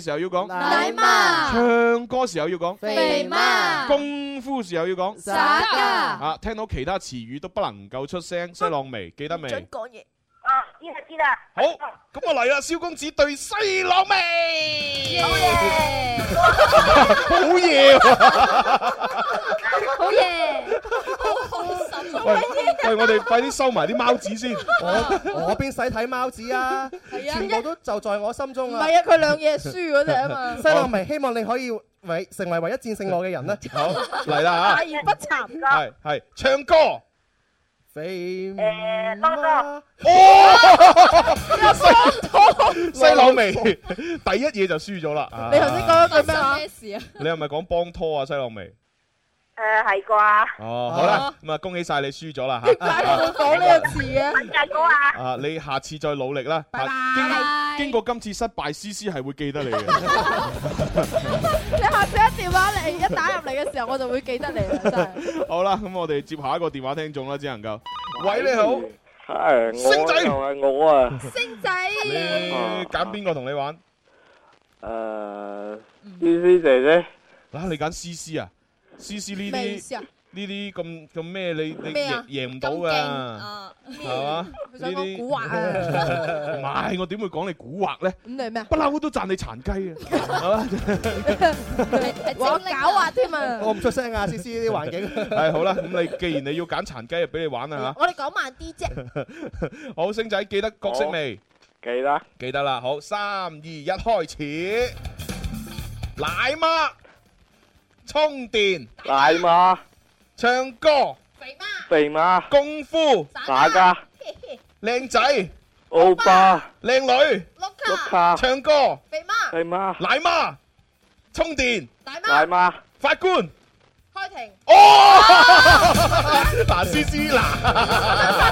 時候要講奶媽，唱歌時候要講肥媽，功夫時候要講傻啊，聽到其他詞語都不能夠出聲，西朗眉記得未？唔准講嘢。啊，知啦知啦。好，咁我嚟啦，蕭公子對西朗味。Yeah. 好嘢害、啊， 好嘢。喂，喂，我哋快啲收埋啲貓子先 我。我我邊使睇貓子啊？ 全部都就在我心中啊！唔係啊，佢兩嘢輸嗰隻啊嘛。西朗眉，希望你可以為成為唯一戰勝我嘅人啦，啊。 好，嚟啦吓。大言不慚。係係，唱歌、欸。肥誒，得得。哦， 西朗眉， 老妹 第一嘢就輸咗啦。你頭先講咗句咩事啊？你係咪講幫拖啊，西朗眉？誒，係啩？哦，好啦，咁啊，恭喜晒你輸咗啦吓！點解會講呢個詞啊？文介哥啊！啊，你下次再努力啦！拜拜。經過今次失敗，思思係會記得你。你下次一電話你，一打入嚟嘅時候，我就會記得你啦。真係。好啦，咁我哋接下一個電話聽眾啦，只能夠。喂，你好。係。星仔。係我啊。星仔。你揀邊個同你玩？誒，思思姐姐。嗱，你揀思思啊？C C 呢啲呢啲咁咁咩？你你贏贏唔到嘅，係嘛？呢啲古惑啊！唔係我點會講你古惑咧？咁嚟咩？不嬲都讚你殘雞啊！係嘛？玩狡猾添啊！我唔出聲啊！C C 呢啲環境係好啦。咁你既然你要揀殘雞，俾你玩啦吓。我哋講慢啲啫。好，星仔記得角色未？記得記得啦。好，三二一，開始，奶媽！充電，奶媽，唱歌，肥媽，肥媽，功夫，打家，靚仔，歐巴，靚女，碌卡，唱歌，肥媽，肥媽，奶媽，充電，奶媽，法官，開庭，哦，藍思思，藍，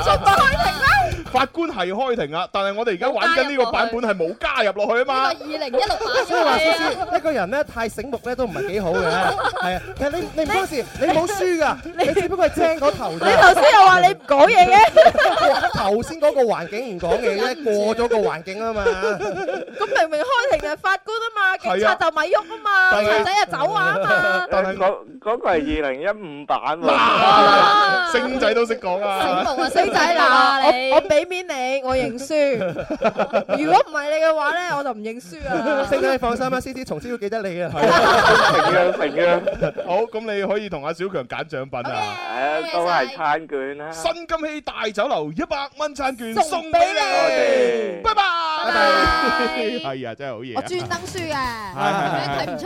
開庭啦。法官係開庭啊，但係我哋而家玩緊呢個版本係冇加入落去，這個、去啊嘛。二 零一六版係啊，一個人咧太醒目咧都唔係幾好嘅，啊。係 啊，你你唔關事，你冇輸㗎，你只不過係爭個頭啫。你頭先又說你不說話你唔講嘢嘅，頭先嗰個環境唔講嘢咧，過咗個環境啊嘛。咁 明明開庭係法官啊嘛，警察就咪喐啊嘛，細仔就走啊，嗯，那個，是2015嘛。但係嗰嗰個係二零一五版喎，星，啊啊，仔都識講啊，醒目啊星仔嗱，啊啊啊，我，我俾面你我認輸，如果唔係你嘅話咧，我就唔認輸啊！先生你放心啦，思思從此都記得你嘅，平樣平樣。好，咁你可以同阿小強揀獎品啊！誒，都係餐券啦，新金禧大酒樓一百蚊餐券送俾你，拜拜！係啊，真係好嘢！我專登輸嘅，睇唔出！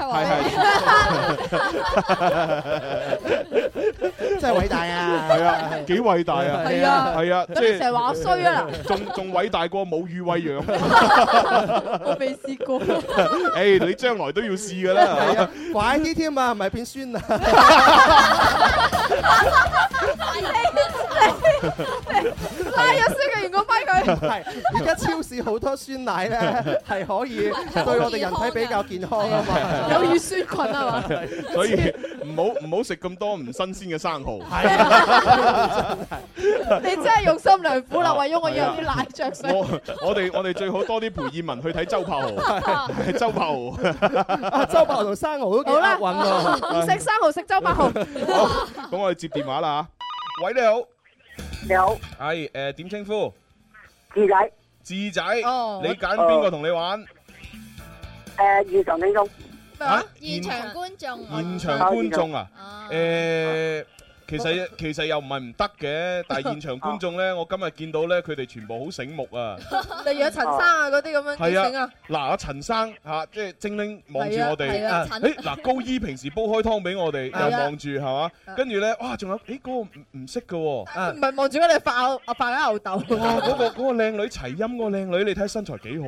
真係偉大啊！係啊，幾偉大啊！係啊，係啊，咁你成日話我衰啊！仲仲偉大過母乳喂養，我未試過、哎。誒，你將來都要試噶啦，怪啲添啊，唔咪、啊？唔係變酸哈哈哈哈啊！你有拉入酸菌嗰佢係，而家超市好多酸奶咧，係可以對我哋人體比較健康,健康啊嘛、啊，有乳酸菌啊嘛，所以唔好唔好食咁多唔新鮮嘅生蚝、啊。係、啊啊啊啊，你真係用心良苦啦，喂、啊。我我哋我哋最好多啲陪意文去睇周柏豪，周柏豪，周柏豪同生蠔，好啦，唔食生蠔食周柏豪。好，咁我哋接電話啦吓。喂，你好，你好，係誒，點稱呼？志仔，志仔，哦，你揀邊個同你玩？誒，現場觀眾，啊，現場觀眾，現場觀眾啊，誒。其實其實又唔係唔得嘅，但係現場觀眾咧，我今日見到咧，佢哋全部好醒目啊！例如阿陳生啊，嗰啲咁樣，係啊，嗱阿陳生吓，即係精靈望住我哋，誒，嗱高醫平時煲開湯俾我哋，又望住係嘛，跟住咧，哇，仲有誒嗰個唔識嘅，唔係望住我哋爆爆下吽豆，哇，嗰個嗰個靚女齊音個靚女，你睇身材幾好，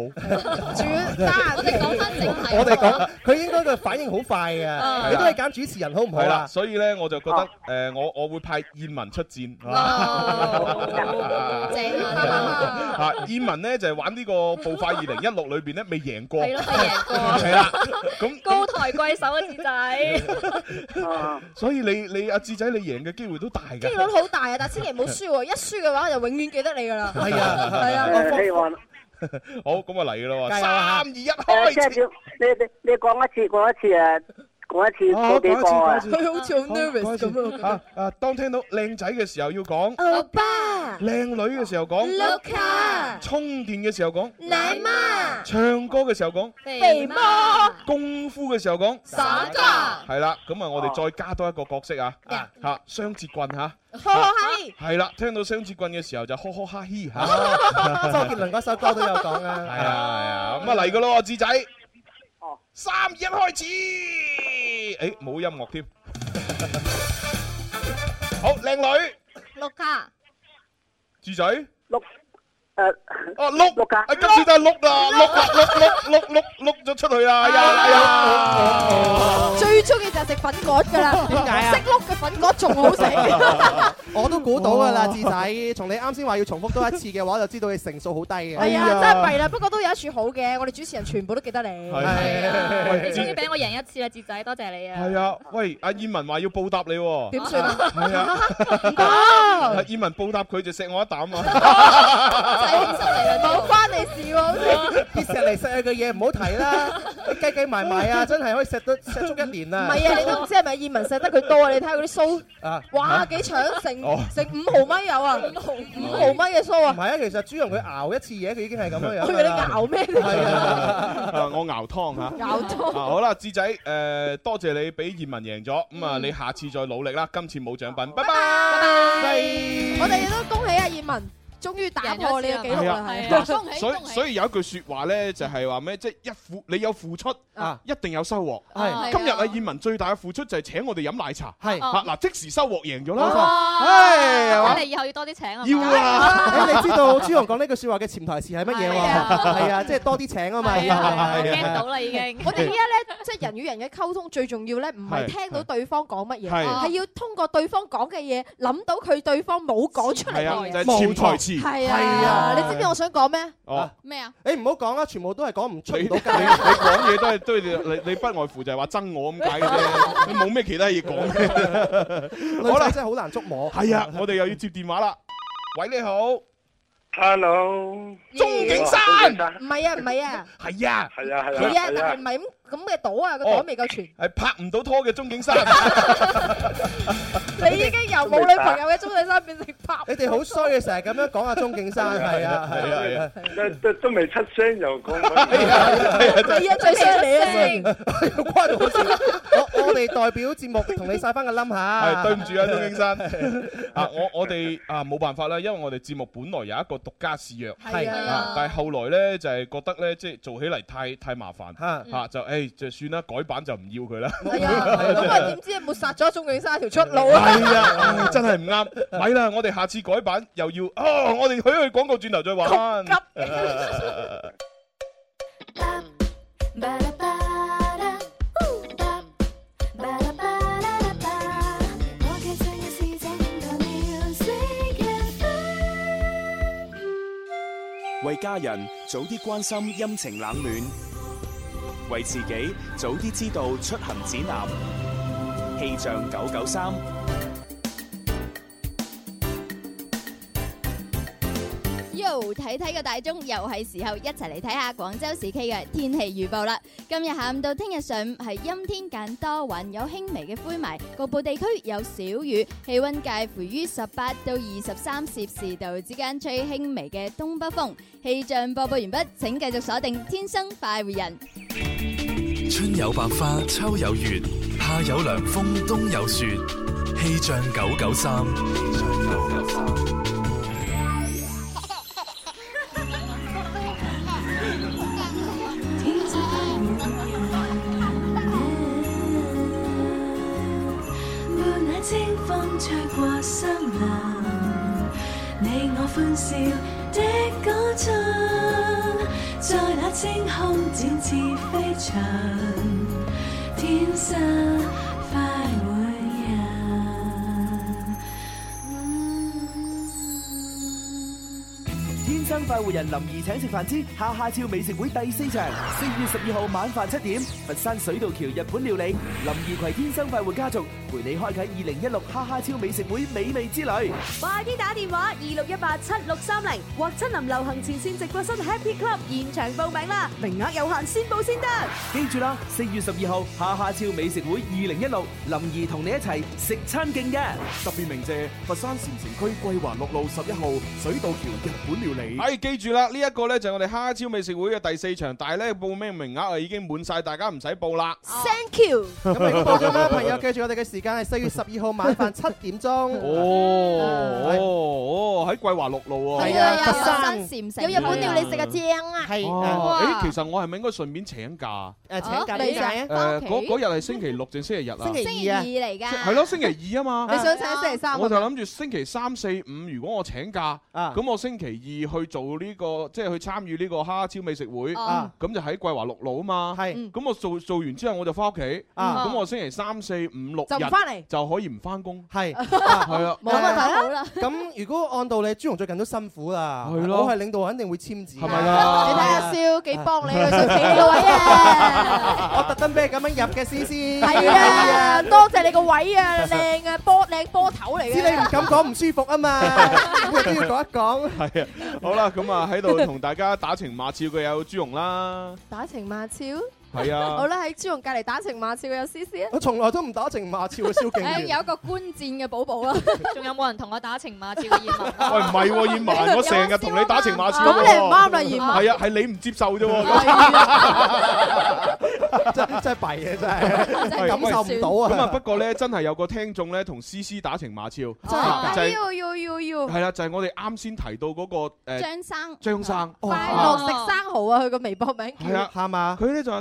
主持人我哋講，佢應該個反應好快嘅，你都係揀主持人好唔好？係啦，所以咧我就覺得誒我。我會派燕文出戰，正啊、吓、哦啊啊啊啊啊啊啊、燕文咧就係、是、玩呢個步快二零一六裏邊咧未贏過，係咯未贏過，係啦咁高抬貴手啊，啊，啊，啊，啊，智仔，所以你你阿智仔你贏嘅機會都大噶、啊，機會好大啊！但千祈唔好輸，一輸嘅話就永遠記得你噶啦，係啊係啊，好咁啊嚟噶啦，三二一，開、啊、始，你、啊、你、啊、你講一次，講一次啊！嗰次，一次，佢好似好 nervous 咁啊！啊 啊，當聽到靚仔嘅時候要講歐巴，靚女嘅時候講 Luka，充電嘅時候講奶媽，唱歌嘅時候講肥媽，功夫嘅時候講傻瓜。係啦，咁啊，我哋再加多一個角色啊！吓、啊，雙截棍吓、啊，呵呵嘿。係 啦，聽到雙截棍嘅時候就呵呵嘻。吓。周杰倫首歌都有講啊，係啊係啊，咁啊嚟噶咯，志仔。三二一開始，誒冇音樂添，好靚女，碌卡，豬仔，碌。哦碌噶，今次都係碌啊碌啊碌碌碌碌碌碌咗出去啊！最中意就係食粉果噶啦，點解啊？識碌嘅粉果仲好食。我都估到噶啦，志仔。從你啱先話要重複多一次嘅話，就知道你成數好低嘅。係啊，真係弊啦。不過都有一處好嘅，我哋主持人全部都記得你。係啊，你終於俾我贏一次啦，志仔，多謝你啊。係啊，喂，阿燕文話要報答你，點算啊？係啊，唔講，阿燕文報答佢就錫我一啖啊！食嚟啦，冇關你事喎。好似啲食嚟食去嘅嘢唔好提啦。你計計埋埋啊，真係可以食到食足一年啊。唔係啊，你都唔知係咪葉文食得佢多啊？你睇下嗰啲須啊，哇幾長，成成五毫米有啊，五毫五毫米嘅須啊。唔係啊，其實主要佢熬一次嘢，佢已經係咁嘅樣。佢哋熬咩嚟啊？我熬湯嚇。熬湯。好啦，志仔誒，多謝你俾葉文贏咗。咁啊，你下次再努力啦。今次冇獎品，拜拜。拜拜。我哋亦都恭喜阿葉文。終於打破你嘅紀錄，係啊，啊，啊，啊！所以所以有一句説話咧、就是，就係話咩？即係一付你有付出啊，一定有收穫。係、啊啊、今日啊，葉文最大嘅付出就係請我哋飲奶茶。係、啊、嗱、啊啊，即時收穫贏咗啦！係、哦，我、啊哎啊、以，以後要多啲請啊！要啊、哎！你知道朱龍講呢句説話嘅潛台詞係乜嘢喎？ 是啊，即 係、啊就是、多啲請啊嘛！驚、啊啊啊啊、到啦，已經、啊。我哋依家咧，即係人與人嘅溝通最重要咧，唔係聽到對方講乜嘢，係要通過對方講嘅嘢，諗到佢對方冇講出嚟台詞。係啊！你知唔知我想講咩？哦，咩啊？誒，唔好講啦，全部都係講唔出。你你講嘢都係都你你不外乎就係話憎我咁解嘅啫，你冇咩其他嘢講嘅。好啦，真係好難捉摸。係啊，我哋又要接電話啦。喂，你好。Hello。鐘景山？唔係啊，唔係啊。係啊，係啊，係啦。係啊，但係唔係咁咁嘅朵啊，個朵未夠全。係拍唔到拖嘅鐘景山。你已經由冇女朋友嘅鐘景山變成拍，你哋好衰嘅，成日咁樣講阿鐘景山。係啊係啊，都都都未出聲又講。係啊最衰你啊先，我我哋代表節目同你曬翻個冧嚇，係對唔住啊，鐘景山啊，我我哋啊冇辦法啦，因為我哋節目本來有一個獨家試藥係啊，但係後來咧就係覺得咧即係做起嚟太太麻煩嚇嚇，就誒就算啦，改版就唔要佢啦。係啊，因為點知你抹殺咗鐘景山條出路啊！係啊，真係唔啱，咪啦！我哋下次改版又要哦，我哋去去廣告轉頭再玩。為家人早啲關心陰晴冷暖，為自己早啲知道出行指南，氣象九九三。睇睇個大鐘，又係時候一齊嚟睇下廣州市區嘅天氣預報啦。今日下午到聽日上午係陰天間多雲，有輕微嘅灰霾，局部地區有小雨，氣温介乎於十八到二十三攝氏度之間，吹輕微嘅東北風。氣象播報完畢，請繼續鎖定《天生快活人》。春有百花，秋有月，夏有涼風，冬有雪。氣象九九三。風吹過森林，你我歡笑的歌唱，在那清空展翅飛翔，天生。天生快活人林怡請食飯之下下超美食會第四場，四月十二號晚飯七點，佛山水道橋日本料理，林怡葵天生快活家族陪你開啟二零一六下下超美食會美味之旅，快啲打電話二六一八七六三零或親臨流行前線直播室 Happy Club 現場報名啦，名額有限，先報先得，記住啦，四月十二號下下超美食會二零一六，林怡同你一齊食餐勁嘅，特別鳴謝佛山禪城區桂華六路十一號水道橋日本料理。記住啦，呢一個咧就係我哋蝦超美食會嘅第四場，但係咧報咩名額啊已經滿晒，大家唔使報啦。Thank you。咁啊，報咗啦，朋友。記住我哋嘅時間係四月十二號晚飯七點鐘。哦哦哦，喺、uh, oh, oh, 桂華六路啊。係、uh, 啊，佛山禪城有日本料食嘅正啊。係。哎，其實我係咪應該順便請假？誒、啊、請假。點、啊、解？誒嗰日係星期六定星期日啊？星期二嚟、啊、㗎。係 咯，星期二啊嘛。 你想請星期三？我就諗住星期三四五，如果我請假，咁我星期二去。做呢個即係去參與呢個蝦超美食會，咁就喺桂華六路啊嘛。咁我做做完之後我就翻屋企，咁我星期三四五六日就唔翻嚟，就可以唔翻工。係，係啊，冇乜就好啦。咁如果按道理，朱紅最近都辛苦啦，係囉，我係領導，肯定會簽字係咪啦？你睇阿肖幾幫你，想請你個位啊！我特登俾你咁樣入嘅先先，係啊！多謝你個位啊，靚啊，波靚波頭嚟嘅。知你唔敢講唔舒服啊嘛，都要講一講，係啊，好啦。咁啊，喺度同大家打情罵俏嘅有朱容啦， 打情罵俏。係啊！好啦，喺朱紅隔籬打情罵俏嘅有思思啊！我從、啊、來都唔打情罵俏嘅蕭敬。誒、哎，有一個觀戰嘅寶寶啊！仲有冇人同我打情罵俏嘅燕文，啊？喂，唔係燕文，我成日同你打情罵俏。咁你唔啱啊，燕、嗯、文。係、嗯嗯嗯嗯嗯嗯嗯、啊，係你唔接受啫。真係真係弊啊！真係感受唔到啊！咁啊，不過咧，真係有個聽眾咧，同思思打情罵俏，真係就係要要要要。係啦，就係我哋啱先提到嗰個誒，張生張生，快樂食生蠔啊！佢個微博名係啊，係 嘛？佢咧就話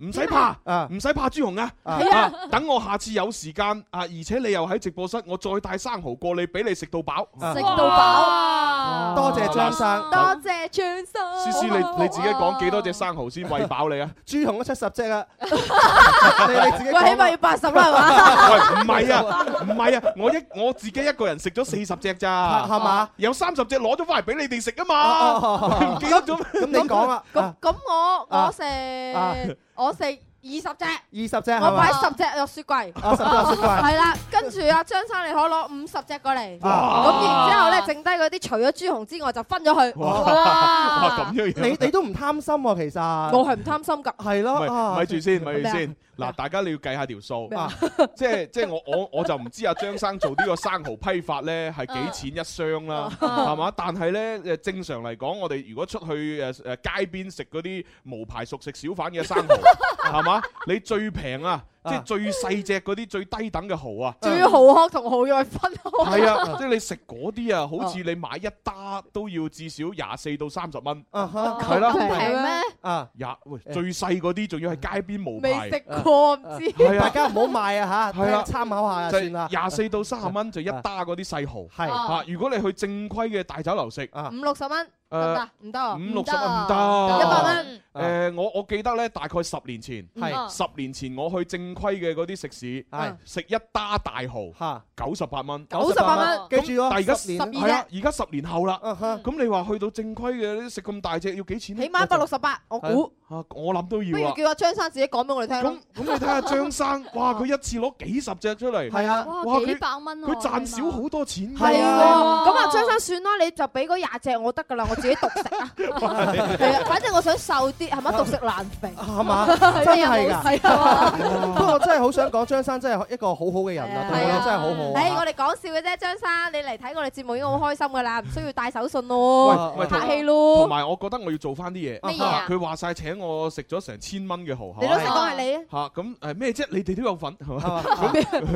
唔使怕，唔、啊、使怕朱紅啊！係啊，啊，等我下次有時間啊，而且你又喺直播室，我再帶生蠔過嚟你吃，俾你食到飽。食到飽，多謝張生、啊，多謝張生。思思，你、啊、你自己講幾多隻生蠔先餵飽你啊？朱紅都七十隻啦，我起碼要八十啦嘛？唔係啊，唔係啊，啊，啊，啊，我一我自己一個人食咗四十隻咋，係、啊啊啊、嘛？有三十隻攞咗翻嚟俾你哋食啊嘛？唔記得咗咩？咁你講啦。咁咁我、啊、我食、啊。啊我食二十隻，二十隻，我買十隻落雪櫃，係 啦，跟住阿張生，你可攞五十隻過嚟，咁哇然之後咧，剩低嗰啲除咗豬紅之外，就分咗去。哇！你你都唔貪心喎、啊，其實。我係唔貪心㗎。係咯，咪、啊、住先，咪住先。嗱，大家你要計下條數啊！ 即係即係我我我就唔知阿張生做呢個生蠔批發呢係幾錢一箱啦、啊，係嘛？ 但係呢，正常嚟講，我哋如果出去誒誒、啊啊、街邊食嗰啲無牌熟食小販嘅生蠔，係嘛？ 你最平啊！即係最細隻嗰啲最低等嘅蠔啊！最蠔殼同蠔又係分開。係啊，即係你食嗰啲啊，好似你買一打都要至少廿四到三十蚊。啊哈，係咯，咁平咩？啊，廿，喂，最細嗰啲仲要係街邊冇牌。未食過，唔知。大家唔好買啊吓，聽參考下算啦。廿四到三十蚊就一打嗰啲細蠔。係啊，如果你去正規嘅大酒樓食啊，五六十蚊。誒，得唔得，五六十唔得，一百蚊。誒，我我記得咧，大概十年前，係十年前我去正規嘅嗰啲食肆，係食一打大蚝，吓九十八蚊，九十八蚊，記住咯。但係而家，係啦，而家十年後啦，咁你話去到正規嘅食咁大隻要幾錢？起碼一百六十八，我估。啊！我諗都要啊！不如叫阿張生自己講俾我哋聽咁咁，你睇下張生，哇！佢一次攞幾十隻出嚟，係啊，哇！幾百蚊佢、啊、賺少好多錢係啊，咁啊，張生算啦，你就俾嗰廿隻我得㗎啦，我自己獨食啊。 啊、啊，反正我想瘦啲，係咪？獨、啊、食難肥，係嘛？真係㗎、啊。不過我真係好想講張生真係一個好好嘅人啊，真係好好。哎、我哋講笑嘅啫，張生，你嚟睇我哋節目已經好開心㗎啦，唔需要帶手信咯，喂，客氣咯。同埋我覺得我要做翻啲嘢。咩嘢啊？佢話晒請。我食咗成千蚊嘅豪客，你都先講係你啊？嚇咁誒咩啫？你哋都有份係嘛？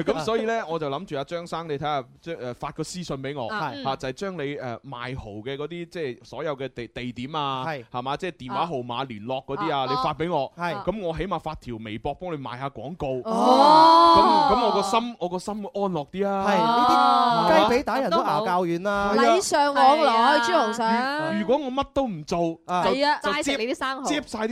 咁所以咧，我就諗住阿張生，你睇下將誒發個私信俾我，係嚇就係將你誒賣豪嘅嗰啲即係所有嘅地地點啊，係係嘛？即係電話號碼聯絡嗰啲啊，你發俾我，係咁我起碼發條微博幫你賣下廣告，哦，咁咁我個心我個心安樂啲啊！係呢啲雞髀打人都牙骹軟啦，禮尚往來，朱紅上。如果我乜都唔做，係啊，就接你啲生蠔，接曬啲。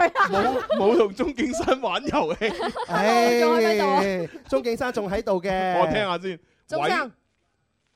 冇冇同鍾景山玩遊戲，鍾景山仲，鍾景山仲喺度嘅，我聽下先。鐘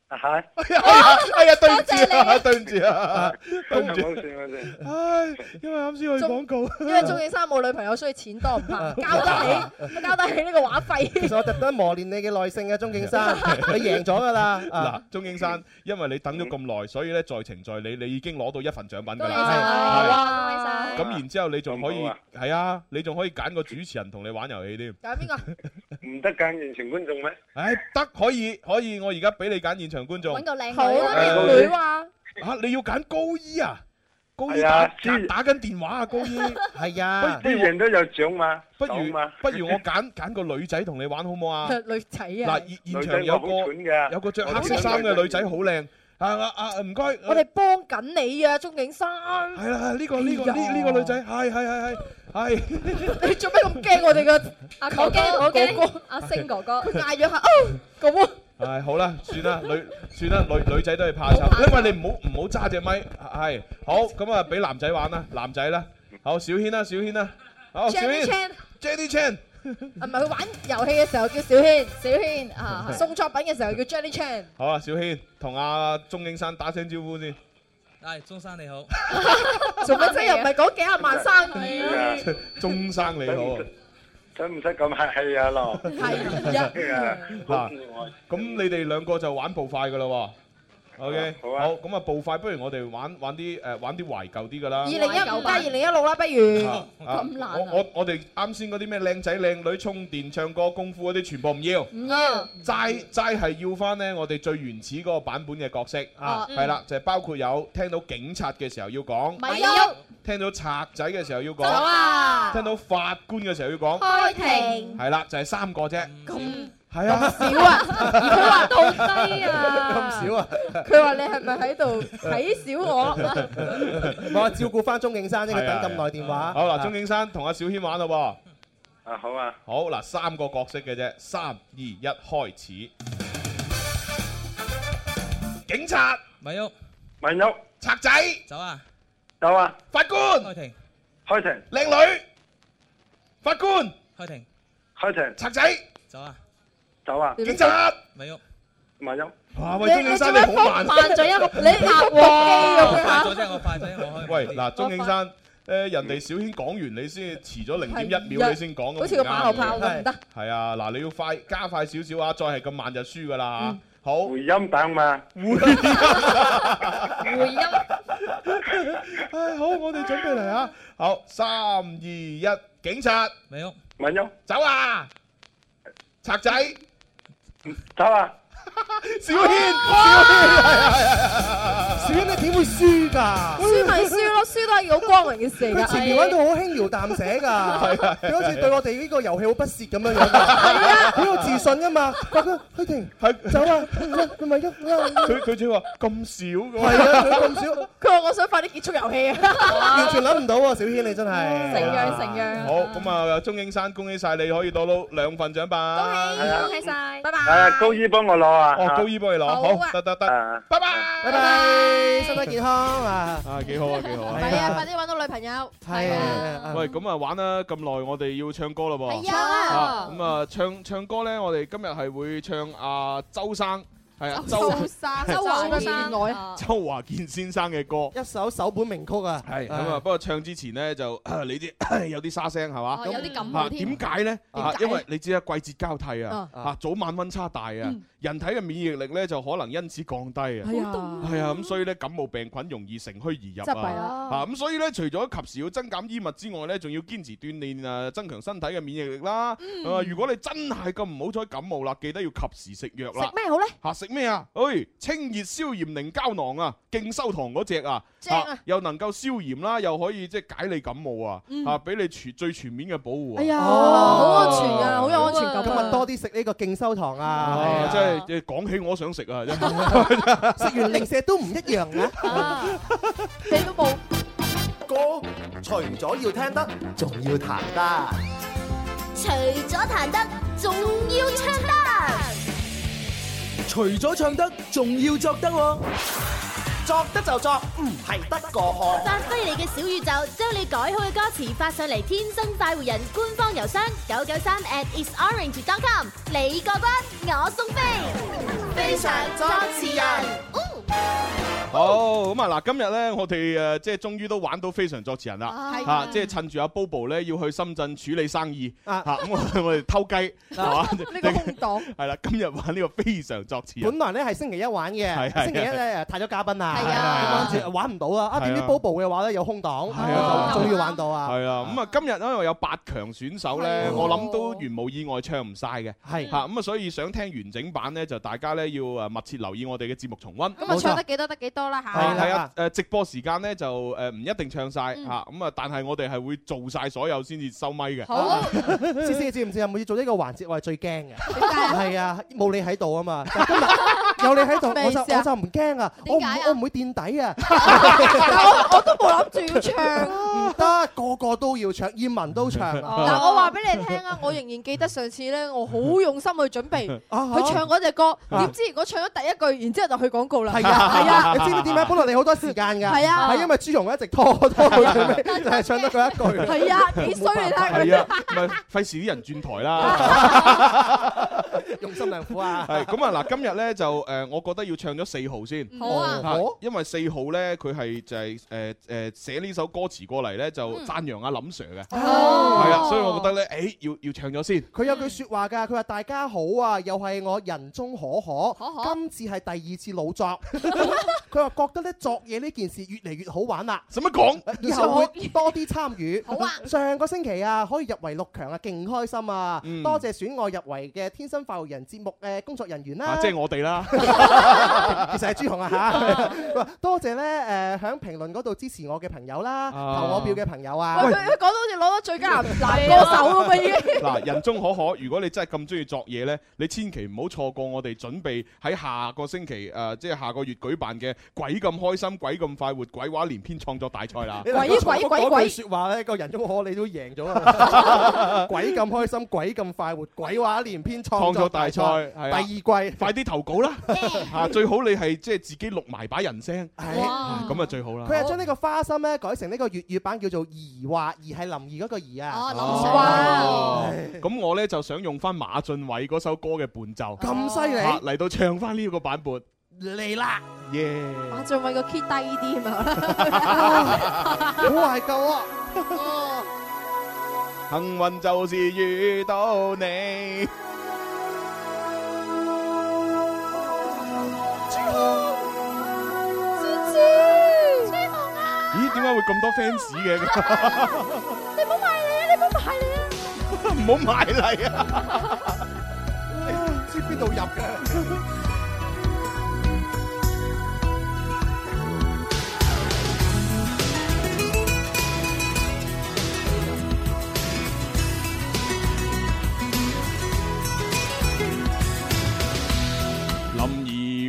啊係，哎呀，哎呀對唔住啊，對唔住啊，嗯、對唔住、啊，唉、啊哎，因為啱先去廣告，因為鍾敬山冇女朋友，所以錢多唔怕， 交得起， 交得起呢個話費。所以我特登磨練你嘅耐性啊，鍾敬山， 你贏咗噶啦。嗱、 啊，鍾敬山，因為你等咗咁耐，所以咧在情在理，你已經攞到一份獎品噶啦。係，咁然之後你仲可以係啊，啊，你仲可以揀個主持人同你玩遊戲添。揀邊個？唔 得揀現場觀眾咩？唉、哎，得可以，可以，我而家俾你揀現場。場觀眾，揾個靚女啊！女話，吓你要揀高醫啊？高醫打打緊電話啊！高醫係啊，啲人都有獎嘛，不如不如我揀揀個女仔同你玩好唔好啊？女仔啊，嗱，現場有個有個着黑色衫嘅女仔好靚，啊啊唔該，我哋幫緊你啊，鍾景山。係啦，呢個呢個呢個女仔係係係係，你做咩咁驚我哋嘅阿哥，我驚我驚阿星哥哥？佢嗌咗下哦，咁。係好啦，算啦，女，算啦，女女仔都係怕醜，因為你唔好唔好揸隻咪，係好咁啊，俾男仔玩啦，男仔啦，好小軒啦，小軒啦，好 Jennie Chan，Jennie Chan，唔係佢玩遊戲嘅時候叫小軒，小軒啊，送作品嘅時候叫 Jennie Chan。好啊，小軒同阿鐘應山打聲招呼先。係，鐘生你好。做乜啫？又唔係講幾廿萬生意。鐘生你好。使唔使咁客氣啊？咯係啊！嗱、啊，咁、嗯啊、你哋兩個就玩步快㗎啦喎！O、okay. K，、oh, 好咁啊，那步快不，啊，不如、啊 啊、我哋玩玩啲誒，玩啲懷舊啲噶啦。二零一五加二零一六啦，不如咁難。我我哋啱先嗰啲咩靚仔靚女充電唱歌功夫嗰啲全部唔要，唔要。齋齋係要返呢我哋最原始嗰個版本嘅角色啊，係、嗯、啦、啊，就係、是、包括有聽到警察嘅時候要講咪喐，聽到賊仔嘅時候要講、啊，聽到法官嘅時候要講開庭，係啦、啊，就係、是、三個啫。嗯嗯嗯係啊，少啊，而佢話都好低啊，咁少啊，佢話你係咪喺度睇小我？我照顧翻鐘景山，因為等咁耐電話。好嗱，鐘景山同阿小軒玩咯。啊好啊，好嗱，三個角色嘅啫，三二一開始。警察，文玉，文玉，賊仔，走啊，走啊，法官，開庭，開庭，靚女，法官，開庭，開庭，賊仔，走啊。走啊！警察，咪喐，慢喐？啊喂，鍾先山，你好慢，啊，慢咗一個，你拍喎。快咗我快喂嗱，鍾先山，誒人哋小軒講完，你先遲咗零點一秒，你先講好似個馬後炮都唔得。係啊，嗱，你要快，加快少少啊！再係咁慢就輸㗎啦，嗯、好。回音等嘛。 回音。回音。唉，好，我哋準備嚟啊！好，三二一，警察，咪喐，慢喐！走啊！賊仔。咋了？小軒，小軒係啊，小軒你點會輸噶？輸咪輸咯，輸都係好光榮嘅事。佢前面玩到好輕描淡寫噶，佢好似對我哋呢個遊戲好不屑咁樣樣。係啊，好有自信吖嘛。阿哥，許霆，去走啊！唔係唔係啊！佢佢只話咁少，係啊，咁少。佢話我想快啲結束遊戲啊！完全諗唔到啊，小軒你真係承讓承讓。好，咁啊，鍾穎山恭喜晒，你可以攞到兩份獎品。恭喜，恭喜晒，拜拜。係高姨幫我攞。哦，高姨幫你攞，好得得得，拜拜拜拜，身體健康啊！啊，幾好啊，幾好。係啊，快啲搵到女朋友。係啊。喂，咁啊，玩啦咁耐，我哋要唱歌啦噃。係啊。咁啊，唱唱歌咧，我哋今日係會唱阿周生。係啊，周生，周華健，我、啊、周華健先生嘅歌、啊，一首首本名曲啊。係咁啊，啊、嗯，不過唱之前咧就、啊、你啲有啲沙聲係嘛？有啲、啊、感冒添、啊。點解咧？因為你知啊，季節交替啊，啊，啊，啊早晚溫差大啊，嗯、人體嘅免疫力咧就可能因此降低啊。係啊，係啊，咁、啊、所以咧感冒病菌容易乘虛而入啊。咁、啊啊、所以咧除咗及時要增減衣物之外咧，仲要堅持鍛煉啊，增強身體嘅免疫力啦。嗯啊、如果你真係咁唔好彩感冒啦，記得要及時食藥啦。食咩好咧？吓、啊咩啊？誒，清熱消炎寧膠囊啊，敬修堂嗰隻啊，又能夠消炎啦，又可以即係解你感冒啊，嗯、啊，俾你全最全面嘅保護、啊。哎呀，好、哦哦、安全啊，好、啊、有安全感。咁咪多啲食呢個敬修堂啊，即係講起我想食啊。食 完零食都唔一樣啊，啊你都冇。歌除咗要聽得，仲要彈得；除咗彈得，仲要唱得。除咗唱得，仲要作得。作得就作，唔係得過河。發揮你嘅小宇宙，將你改好嘅歌詞發上嚟，天生快活人官方郵箱九九三 at isorange.com。@isorange .com，你過關，我送飛。非常作詞人。好咁啊！嗱，今日咧，我哋誒即係終於都玩到非常作詞人啦。嚇，即係趁住阿 Bobo 咧要去深圳處理生意，嚇、啊、咁我哋偷雞係嘛？呢個空檔係啦，今日玩呢個非常作詞人。本來咧係星期一玩嘅，星期一咧太多嘉賓啦。係啊，跟玩唔到啊！啊，點知 Bobo 嘅話咧有空檔，係、哦、啊，終於玩到啊！係啊，咁啊，嗯嗯嗯嗯，今日因為有八強選手咧，我諗都原無意外唱唔晒嘅，係嚇咁啊，所以想聽完整版咧，就大家咧要啊密切留意我哋嘅節目重溫。咁、嗯嗯嗯、啊，唱得幾多得幾多啦嚇？係啊，嗯、啊，誒直播時間咧就誒唔一定唱晒。嚇，咁啊，但係我哋係會做晒所有先至收咪嘅。好，知唔知有冇要做呢個環節我係最驚嘅？點解？係啊，冇你喺度啊嘛。有你喺度，我就我就唔驚啊！我我唔會墊底啊！我我都冇諗住要唱啊！唔得，個個都要唱，燕文都唱。嗱，我話俾你聽啊，我仍然記得上次咧，我好用心去準備，佢唱嗰隻歌，點知我唱咗第一句，然之後就去廣告啦。係啊，係啊！你知唔知點解？本來你好多時間㗎。係啊，係因為朱紅一直拖拖，就係唱得嗰一句。係啊，幾衰你睇。係啊，唔係費事啲人轉台啦。用心良苦啊！係咁啊！嗱，今日咧就。呃、我覺得要唱咗四號先，好、啊、因為四號呢，佢係就係呃呃、寫呢首歌詞過嚟呢，就讚揚阿林 Sir 嘅，係、嗯、啊，所以我覺得呢，欸、要要唱咗先。佢有句說話㗎，佢話大家好啊，又係我人中可可，可可今次係第二次老作，佢 話 覺得呢作嘢呢件事越嚟越好玩啦。使乜講？以後會多啲參與。 好啊！上個星期啊，可以入圍六強啊，勁開心啊！多謝選我入圍嘅天生快活人節目嘅工作人員、啊啊就係、啦，即係我哋啦。其實係朱紅啊吓，多謝咧誒，響評論嗰度支持我嘅朋友啦，投我票嘅朋友啊，講到好似攞咗最佳男歌手咁啊！已經嗱，人中可可，如果你真係咁中意作嘢咧，你千祈唔好錯過我哋準備喺下個星期誒，即係下個月舉辦嘅鬼咁開心、鬼咁快活、鬼話連篇創作大賽啦！鬼鬼鬼鬼說話咧，個人中可你都贏咗啊！鬼咁開心、鬼咁快活、鬼話連篇創作大賽第二季，快啲投稿啦！Yeah. 啊、最好你係即、就是、自己錄埋把人聲，咁啊就最好啦。佢係將呢個花心咧改成呢個粵語版，叫做兒話，兒係林兒嗰個兒啊、哦林哦。哇！咁我咧就想用翻馬俊偉嗰首歌嘅伴奏，咁犀利嚟到唱翻呢個版本嚟啦。耶！馬俊偉個 key 低啲啊嘛，好懷舊啊！哦、 幸運就是遇到你。朱紅、啊，朱朱朱咦，點解會咁多 fans 嘅？你唔好賣力啊！你唔好賣力，唔好賣嚟！啊！你知邊度入嘅？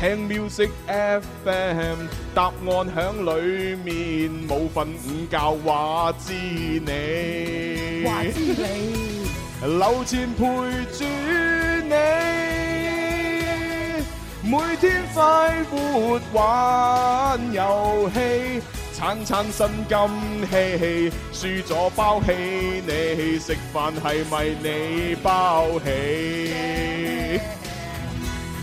聽 music FM，答案響裏面，冇瞓午覺，話知你，話知你， 樓前陪住你，每天快活玩遊戲，餐餐新金器，輸咗包起你，食飯係咪你包起？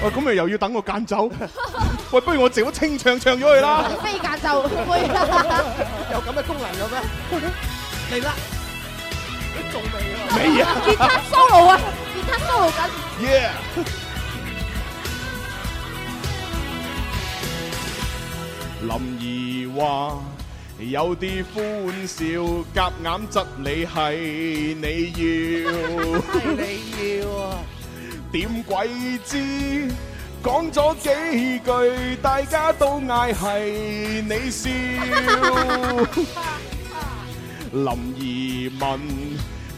喂，咁咪又要等我間奏？喂，不如我自己清唱唱咗佢啦！非間奏，有咁嘅功能嘅咩？嚟啦！你做未啊？未啊！吉他 solo 啊！吉他 solo 緊。林兒話有啲歡笑夾硬窒你係你要，係你要。點鬼知？講咗幾句，大家都嗌係你笑， 林怡文。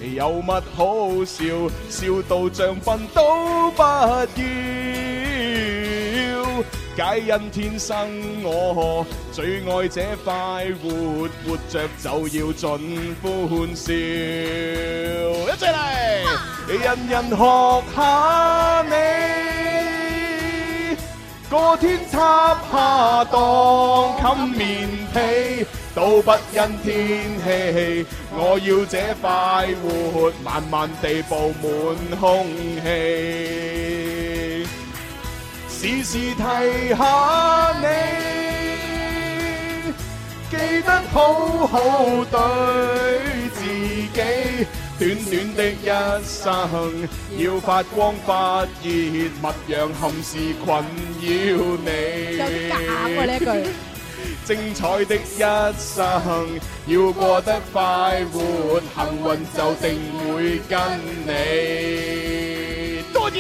有乜好笑？笑到像分都不要，皆因天生我何最愛這快活，活，活着就要盡歡笑。一起嚟， 人人學下你，個天塌下當冚棉被。都不因天氣，我要這快活慢慢地布滿空氣。時時提下你，記得好好對自己。短短的一生，要發光發熱，勿讓憾事困擾你。有啲假啊！呢句。精彩的一生，要過得快活，幸運就定會跟你多謝，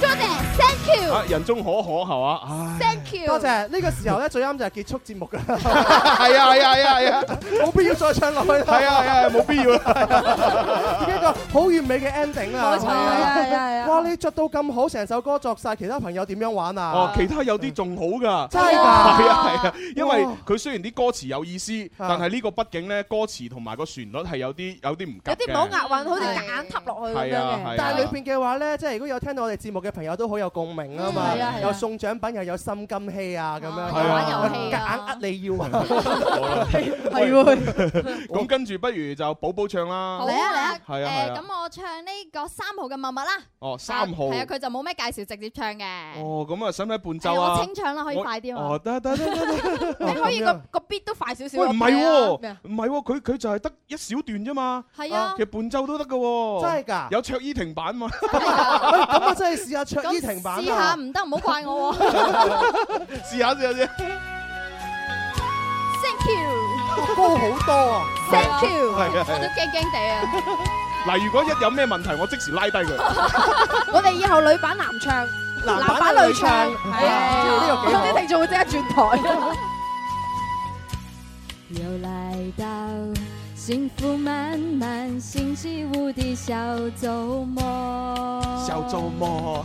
多謝。Thank you，啊、人中可可係嘛、啊？Thank you，多謝。呢、呢個時候咧最啱就係結束節目㗎。係啊係啊係啊係啊，冇、啊啊啊、 必要再唱落去。係啊係啊，冇必要啦。 一個好完美嘅 ending 啊！係啊係啊係啊！哇，你作到咁好，成首歌作晒，其他朋友點樣玩啊？哦、啊啊，其他有啲仲好㗎。真係㗎？係啊係啊，啊，啊，啊，啊，因為佢雖然啲歌詞有意思，啊、但係呢個畢竟咧歌詞同埋個旋律係有啲有啲唔夾，有啲冇押韻，好似硬揼落去，係啊係啊。但係裏邊嘅話咧，即係如果有聽到我哋節目嘅朋友都好有。有共鳴啊嘛，有送獎品又有心甘希啊咁樣，玩遊戲啊，夾硬呃你要啊，係喎。咁跟住不如就寶寶唱啦，嚟啊嚟啊，係啊係啊。咁我唱呢個三號嘅物物啦。哦三號，係啊，佢就冇咩介紹，直接唱嘅。哦，咁啊，使唔使伴奏啊？係我清唱啦，可以快啲嘛。哦得得得得得，你可以個個 beat 都快少少。喂唔係喎，唔係喎，佢佢就係得一小段啫嘛。係啊。其實伴奏都得㗎。真係㗎。有卓依婷版嘛？咁啊真係試下卓依婷。試下唔得，唔好怪我、啊。試 下試下先。Thank you。高好多、啊。Thank you。係啊都驚驚地啊。嗱， 如果一有咩問題，我即時拉低佢。 我哋以後女版男唱，男版男女唱，係啊。啲聽眾會即刻轉台、啊。又 嚟到幸福滿滿星期五的小周末。小周末。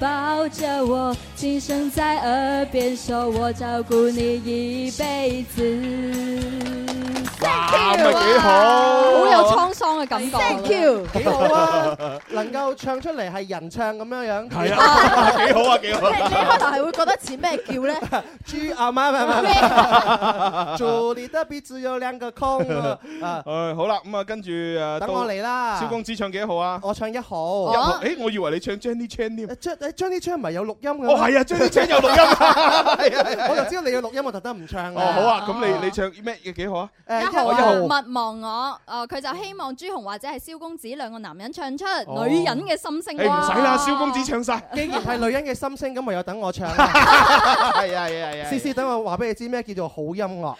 抱着我，輕聲在耳邊說：“我照顧你一輩子。好”好，好，有 Thank you，幾好啊！ 能夠唱出嚟係人唱咁樣樣，係 啊，幾好啊，幾好、啊！ 你開頭係會覺得似咩叫咧？豬 啊嘛嘛嘛！祝你特別只有兩個腔。誒、啊啊啊啊、好啦，咁、嗯、啊跟住誒，等我嚟啦！蕭公子唱幾號啊？我唱一號。哇！誒、啊欸，我以為你唱 Jenny Chan 添。Jenny Chan 唔係有錄音嘅。我係啊，Jenny Chan 有錄音。啊！我就知道你嘅錄音，我特登唔唱。哦，好啊，咁你你唱咩嘢幾號啊？一號一號勿忘我。哦，佢就希望朱。或者係蕭公子兩個男人唱出女人嘅心聲。你唔使啦，蕭公子唱晒。既然係女人嘅心聲，咁唯有等我唱。係啊係啊係啊！試試等我話俾你知咩叫做好音樂。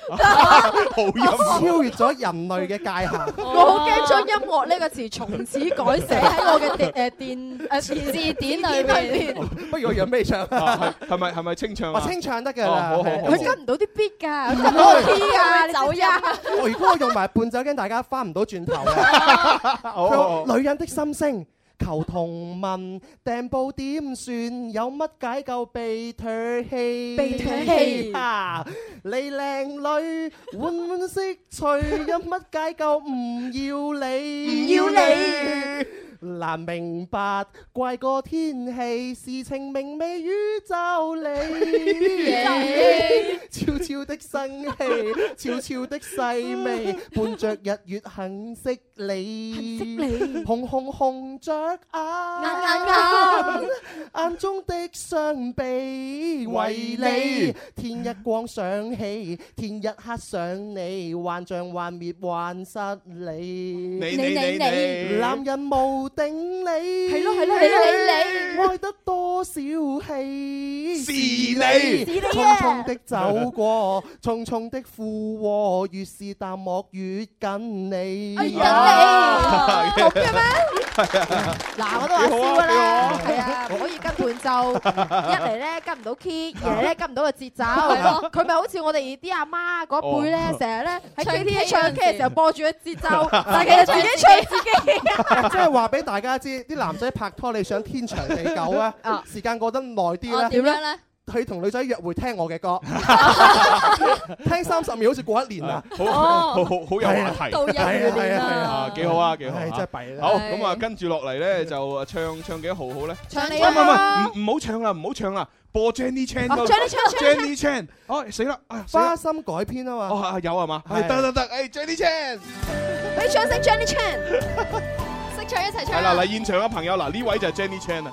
好音樂，超越咗人類嘅界限。我好驚將音樂呢個詞從此改寫喺我嘅電誒電字典裏面。不如我用咩唱？係咪係咪清唱？清唱得噶，好好好。佢跟唔到啲 beat 噶，唔 OK 噶，走呀！如果我用埋伴奏機，大家翻唔到轉頭。 好好女人的心聲，求同問訂報點算？有乜解救被唾棄？被唾棄呀！你靚女，歡聲脆有乜解救唔要你？唔 要你。 難明白，怪個天氣，事情明媚宇宙裏，悄、yeah. 悄的生氣，悄 悄的細微，伴着日月恨惜你，你，紅紅紅着眼， 眼中的傷悲，為你天一光想起，天一黑想你，幻象幻滅幻失你，你你你，你，你，男人無。頂你，係咯係咯係咯你，愛得多少氣，是你，是你啊！匆匆的走過，匆匆的附和，越是淡漠越緊你，哎呀，六嘅咩？係啊，嗱，我都話笑嘅啦，係啊，唔可以跟伴奏，一嚟咧跟唔到 key，二嚟咧跟唔到個節奏，係咯，佢咪好似我哋啲阿媽嗰輩咧，成日咧喺 K T V 唱 K 嘅時候播住個節奏，但係其實自己唱自己，即係話俾。大家知啲男仔拍拖你想天長地久啊？啊時間過得耐啲咧？點樣、啊、咧？佢同女仔約會聽我嘅歌， 聽三十秒好似過一年啊！好，好好，好有話題，係啊係啊，啊，啊，啊，啊，幾好啊幾好，啊啊啊啊啊幾好啊！真係弊啦！好咁啊，啊，跟住落嚟咧就唱唱幾號好咧？唱你啊！唔唔唔，好、啊啊、唱啦，唔好唱啦！播 Jenny Chan，Jenny Chan，哦，死啦！花心改編啊嘛，有係嘛？得得得，哎 Jenny Chan，你唱聲 Jenny Chan。啊一唱一齊唱。係啦，嚟現場嘅朋友，嗱呢位就係 Jenny Chan 啦。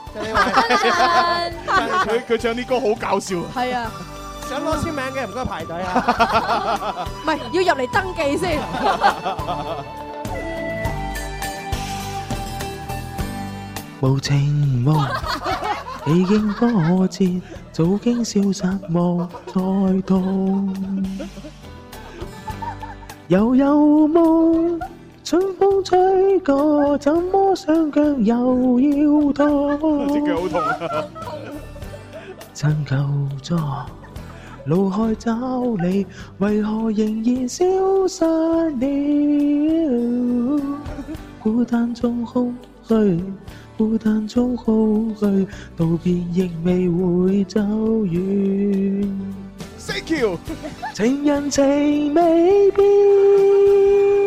佢佢 唱啲歌好搞笑。係 啊， 想攞簽名嘅唔該排隊啊，唔 係 要入嚟登記先 。無情夢，幾經波折，早經消失，莫再痛。又有夢。春風吹過，怎麼雙腳又要痛？我的腳好痛啊！海找你，為何仍然消失了？孤單中空虛，孤單中空虛，道別亦未會走遠。Thank you。情人情未變。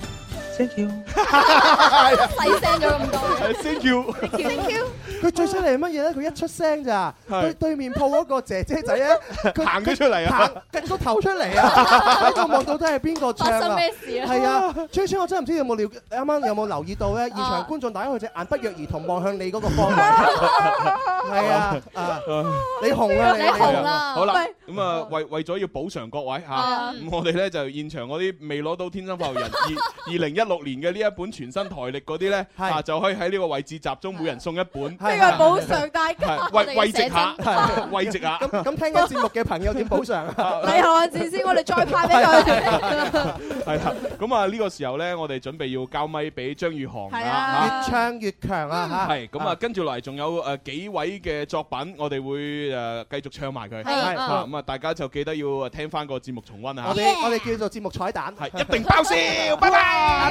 Thank you，細聲咗咁多。Thank you，Thank you。佢最犀利係乜嘢咧？佢一出聲咋，佢對面鋪嗰個姐姐仔啊，佢行咗出嚟啊，夾個頭出嚟啊，咁我望到底係邊個？唱啊咩事啊？係啊，崔川，我真係唔知道有冇留意，啱啱有冇留意到咧？現場觀眾大家佢隻眼不約而同望向你嗰個方位，係啊，你紅啦你，你紅啦。好啦，咁啊為為咗要補償各位吓，咁我哋咧就現場嗰啲未攞到天生快活人二二零一。的的的就是就是、的一六年嘅呢一本全新台曆嗰啲咧，啊就可以喺呢個位置集中，每人送一本。呢個補償大家，慰藉下，慰藉下。咁咁聽緊節目嘅朋友點補償啊？李漢志先，就是、cheaper, 我哋再派俾佢。係啦，咁啊呢個時候咧，我哋準備要交咪俾張宇航啊，越唱越強啊！係咁 pedestrians over Japanese、嗯、啊，跟住落嚟仲有誒幾位嘅作品，我哋會誒繼續唱埋佢。係咁啊，大家就記得要聽翻個節目重溫啊！我哋我哋叫做節目彩蛋，係一定爆笑，拜拜。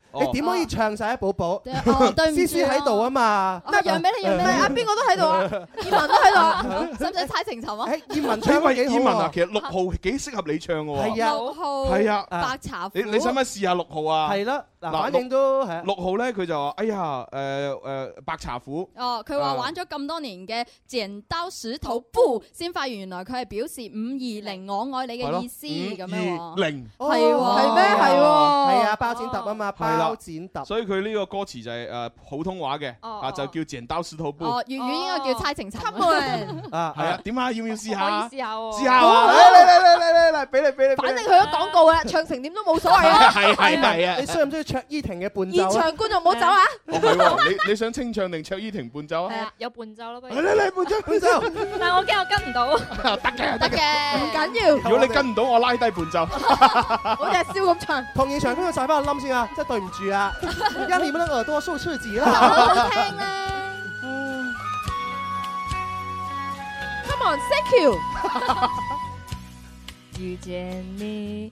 你點可以唱晒啊？寶寶，思思喺度啊嘛，咩讓俾你讓俾你啊？邊個都喺度啊？葉文都喺度啊？使唔使猜情尋啊？葉文，請問葉文啊，其實六號幾適合你唱嘅喎？係啊，六號，係啊，白茶。你你使唔使試下六號啊？係啦。嗱，反正都係六號咧，佢就話：哎呀，誒誒，白茶苦。哦，佢話玩咗咁多年嘅剪刀石頭布，先發現原來佢係表示五二零我愛你嘅意思咁樣喎。五二零係喎係咩係喎？係啊，包剪揼啊嘛，係啦，包剪揼。所以佢呢個歌詞就係誒普通話嘅，啊就叫剪刀石頭布。哦，粵語應該叫猜情尋。啊，係啊，點啊？要唔要試下？可以試下喎。試下啊！嚟嚟嚟嚟嚟嚟，俾你俾你。反正佢都廣告啦，唱成點都冇所謂啊！係係咪啊？你需唔需要？卓依婷嘅伴奏、啊，現場觀眾唔好走啊！你你想清唱定卓依婷伴奏啊？係啊，有伴奏咯不如。嚟嚟伴奏伴奏！但係我驚我跟唔到。得嘅得嘅，唔緊要。如果你跟唔到我拉低伴奏，好似燒咁唱。同現場觀眾晒翻個冧先啊！真係對唔住啊，讓你們的耳朵受刺激啦。好好聽啊 Come on，thank you。遇見你。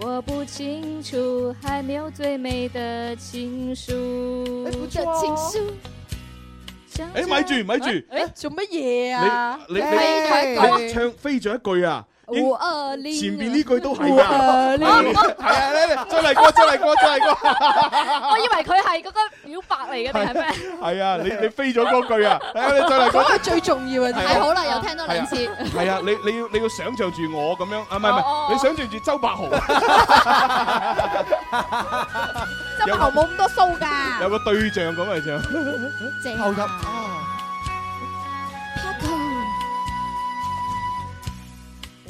我不清楚，還沒有最美的情書，啊欸。哎，咪住咪住！哎、欸，做乜嘢啊？你你你，你你 hey。你唱飛咗一句啊！前邊呢句都係啊，係啊，你你再嚟過，再嚟過，再嚟過。我以為佢係嗰個表白嚟嘅，定係咩？係啊，你你飛咗嗰句啊，係啊，你再嚟過。嗰句最重要啊，係好啦，又聽多兩次。係啊，你你要你要想像住我咁樣啊，唔係唔係，你想像住周柏豪。周柏豪冇咁多須㗎。有個對象咁嘅啫。投入。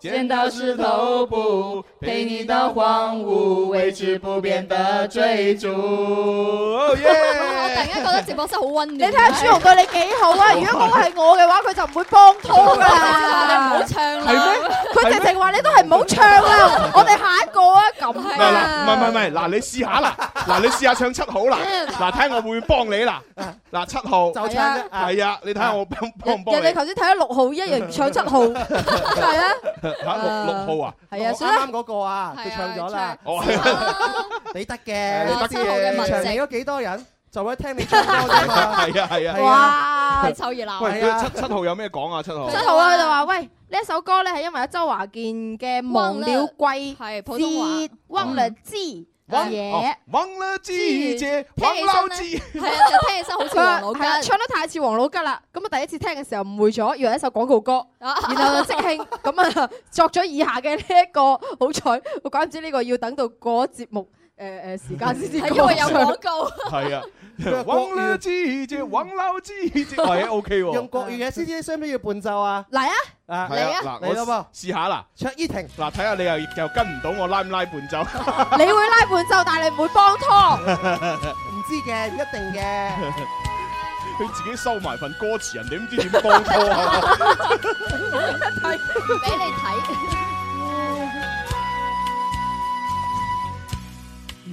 剪刀石頭布，陪你到荒蕪，維持不變的追逐。Oh, yeah! 突然間覺得直播室好溫暖。你睇下朱紅對你幾好啊！如果嗰個係我嘅話，佢就唔會幫拖啦。你唔好唱啦，佢直情話你都係唔好唱啦。我哋下一個啊，咁係啊。唔係唔係唔係，嗱你試下啦，嗱你試下唱七號啦，嗱睇下我會幫你啦。嗱七號就唱係啊，你睇下我幫幫唔幫你？人哋頭先睇咗六號，一樣唱七號，係啊，吓六六號啊，係啊，三三嗰個啊，佢唱咗啦，你得嘅，你得嘅，唱嚟咗幾多人？就一聽你唱歌，係 啊係、啊啊、哇，臭熱鬧！喂、啊啊，七七號有咩講啊？七號 七號佢就話，喂，呢一首歌咧係因為阿周華健嘅《忘了貴之忘了之嘢》，忘了之嘢。忘了之，聽起身，佢話係唱得太似王老吉啦。咁啊第一次聽嘅時候誤會咗，要為一首廣告歌。 然後就即興咁啊 作咗以下嘅呢一個。好彩，我怪唔知呢個要等到嗰節目。誒誒，時間先至講，因為有廣告，係啊，搵撈之節，搵撈之節，係 O K，用國語嘅先先，需唔需要伴奏啊？嚟啊，嚟啊，嚟咗噃，試下啦，卓依婷，嗱，睇下你又又跟唔到我拉唔拉伴奏？你會拉伴奏，但係你唔會幫拖，唔知嘅，唔一定嘅。你自己收埋份歌詞，人哋唔知點幫拖啊？俾你睇。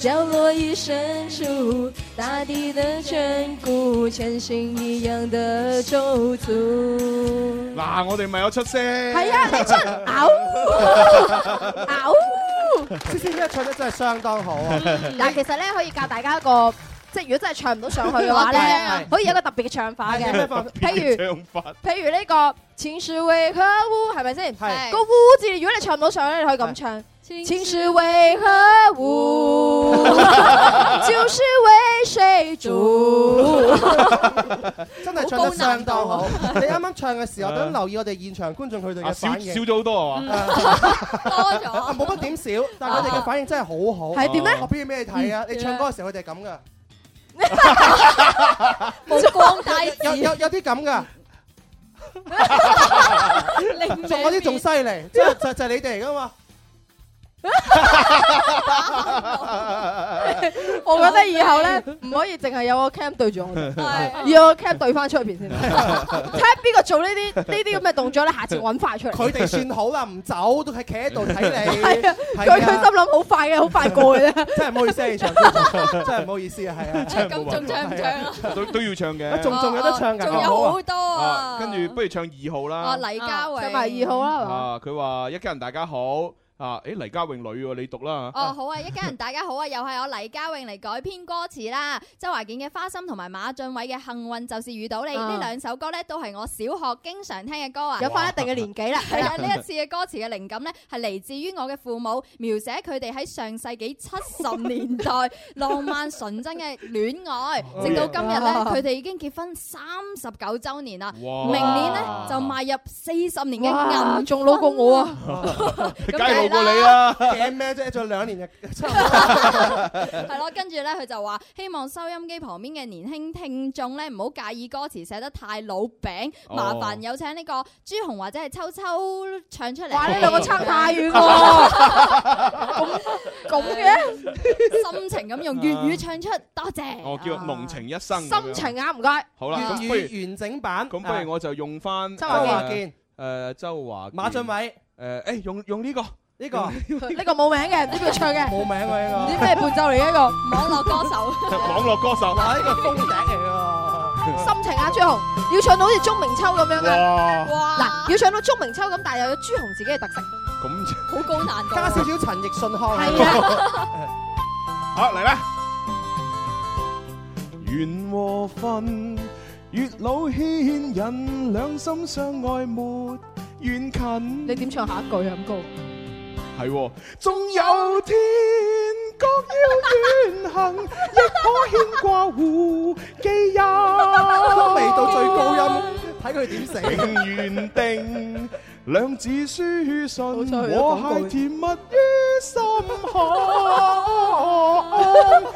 角落已深處，大地的眷顧，千尋一樣的舟足。嗱，我哋咪有出聲。係 啊，你出嘔，嘔、哦。思、哦、思 唱得真係相當好，啊嗯。但係其實咧，可以教大家一個，即係如果真係唱唔到上去嘅話咧，可以有一個特別嘅唱法嘅。譬 如，譬如呢，這個《千樹萬花，》 係咪先？係。那個嗚字，如果你唱唔到上去咧，你可以咁唱。情是為何物？ 就是為誰主？ 真的唱得相當好。啊、你啱啱唱嘅時候， 等留意我哋現場觀眾，佢哋嘅反應。少咗好多啊！了多咗冇乜點少，但係佢哋嘅反應真係好好。係點咧？我俾你睇啊？你唱歌嘅時候，佢哋係咁噶。冇光有有有啲咁噶。零。仲嗰啲仲犀利，即係就就係、你哋噶嘛。 我覺得以後咧，唔可以淨係有個 cam 對住我，要 個 cam 對翻出邊先。睇下邊個做呢啲呢啲咁嘅動作咧，下次揾快出嚟。佢 哋算好啦，唔走都係企喺度睇你。係 啊，佢佢、啊啊、心諗好快嘅，好 快過去啦。 真係唔好意思， 真係唔好意思啊，係啊，唱唔完，仲唱唔唱？都都要唱嘅，仲仲有得唱嘅，仲有好多、啊啊。跟住不如唱二號啦，黎嘉偉，唱埋二號啦。啊，佢話一家人大家好。啊、哎！黎家榮女喎，你讀啦。哦，好啊！一家人，大家好啊！又係我黎家榮嚟改編歌詞啦。周華健嘅《花心》同埋馬浚偉嘅《幸運就是遇到你》呢兩首歌呢，都係我小學經常聽嘅歌啊。有翻一定嘅年紀啦。係呢、啊啊、一次嘅歌詞嘅靈感呢，係嚟自於我嘅父母，描寫佢哋喺上世紀七十年代浪漫純真嘅戀愛，直 到今日呢，佢、啊、哋已經結婚三十九周年啦。哇！明年呢，就邁入四十年嘅銀婚，仲老過我啊！啊啊冇你啊，驚咩啫？咗兩年 就係咯。跟住咧，佢就話希望收音機旁邊嘅年輕聽眾咧，唔好介意歌詞寫得太老餅，麻煩有請呢個朱紅或者係秋秋唱出嚟。話呢兩個差太遠喎，咁咁嘅心情咁用粵語唱出，多謝、啊。我叫濃情一生。心情啊，唔該。好啦，咁、啊、不如完整版。咁不如我就用翻、啊、周華健。誒、呃，周華健。馬俊偉。誒、呃，誒、欸，用用呢、這個。呢、這個呢 個冇名嘅呢、這個是唱嘅冇名嘅，呢、這個唔知咩伴奏嚟嘅呢個網絡歌手 網絡歌手啊呢、 這個封頂嚟噶心情啊朱紅要唱到好似鍾明秋咁樣嘅，哇嗱要唱到鍾明秋咁但係又有朱紅自己嘅特色，咁好高難度、啊、加少少陳奕迅開係啊 好嚟啦緣和份，月老牽引兩心相愛沒遠近」勤。你點唱下一句啊咁高係喎、仲有天各要遠行， 亦可牽掛胡記音。未 到最高音，睇佢點成。 情緣緣定，兩 字書信， 我係甜蜜於心坎。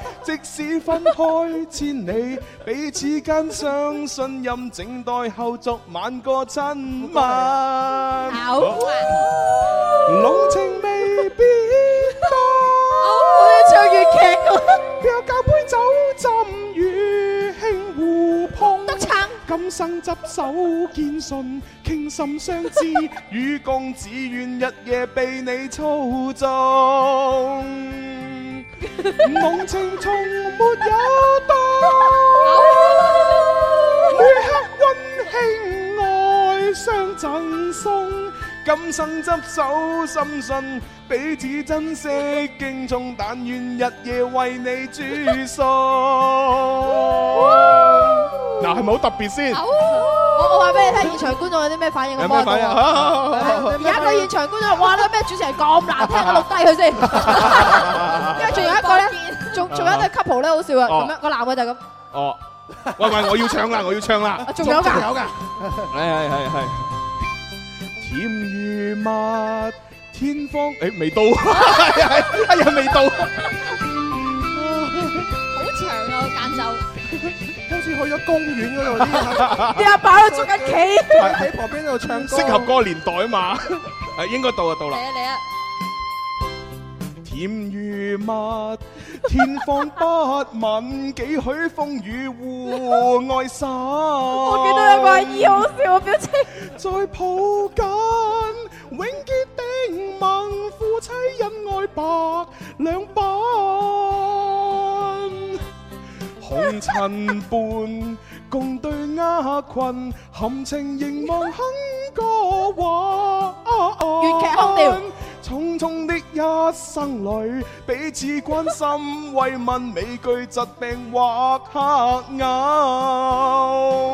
即使分開千里，彼此間相信任，靜待後續晚個親吻，濃情未變好，好、啊好哦、我要唱粵劇，又交杯酒，浸與卿互碰，今生執手見信，傾心相知， 與共只願日夜被你操縱。濃 情從沒有到，每刻溫馨愛相贈送。今生執手，深信彼此珍惜敬重。但願日夜為你住宿。嗱，係咪好特別先？我冇話俾你聽，現場觀眾有啲咩反應？有咩反應？而家個現場觀眾，話哇！你咩主持人咁難聽，我錄低佢先。跟住仲有一個咧，仲仲有一對 couple 咧，好笑啊！咁樣，個男嘅就係咁。哦，喂喂，我要唱啦，我要唱啦。仲有噶有噶。係係係係。甜如蜜，天荒，誒未到，係係，阿爺未到。長啊，間奏，好似去咗公園嗰度，啲阿爸喺度捉緊棋，喺旁邊喺度唱歌，適合嗰個年代啊嘛，係應該到啊到啦，嚟啊嚟啊。甜如蜜，天荒不聞幾許風雨互愛守，我見到有懷疑好笑嘅表情，在抱緊。親伴共對鴉群，含情凝望哼歌歡。匆、啊、匆、啊啊、的一生裏，彼此關心慰問，未懼疾病或黑暗。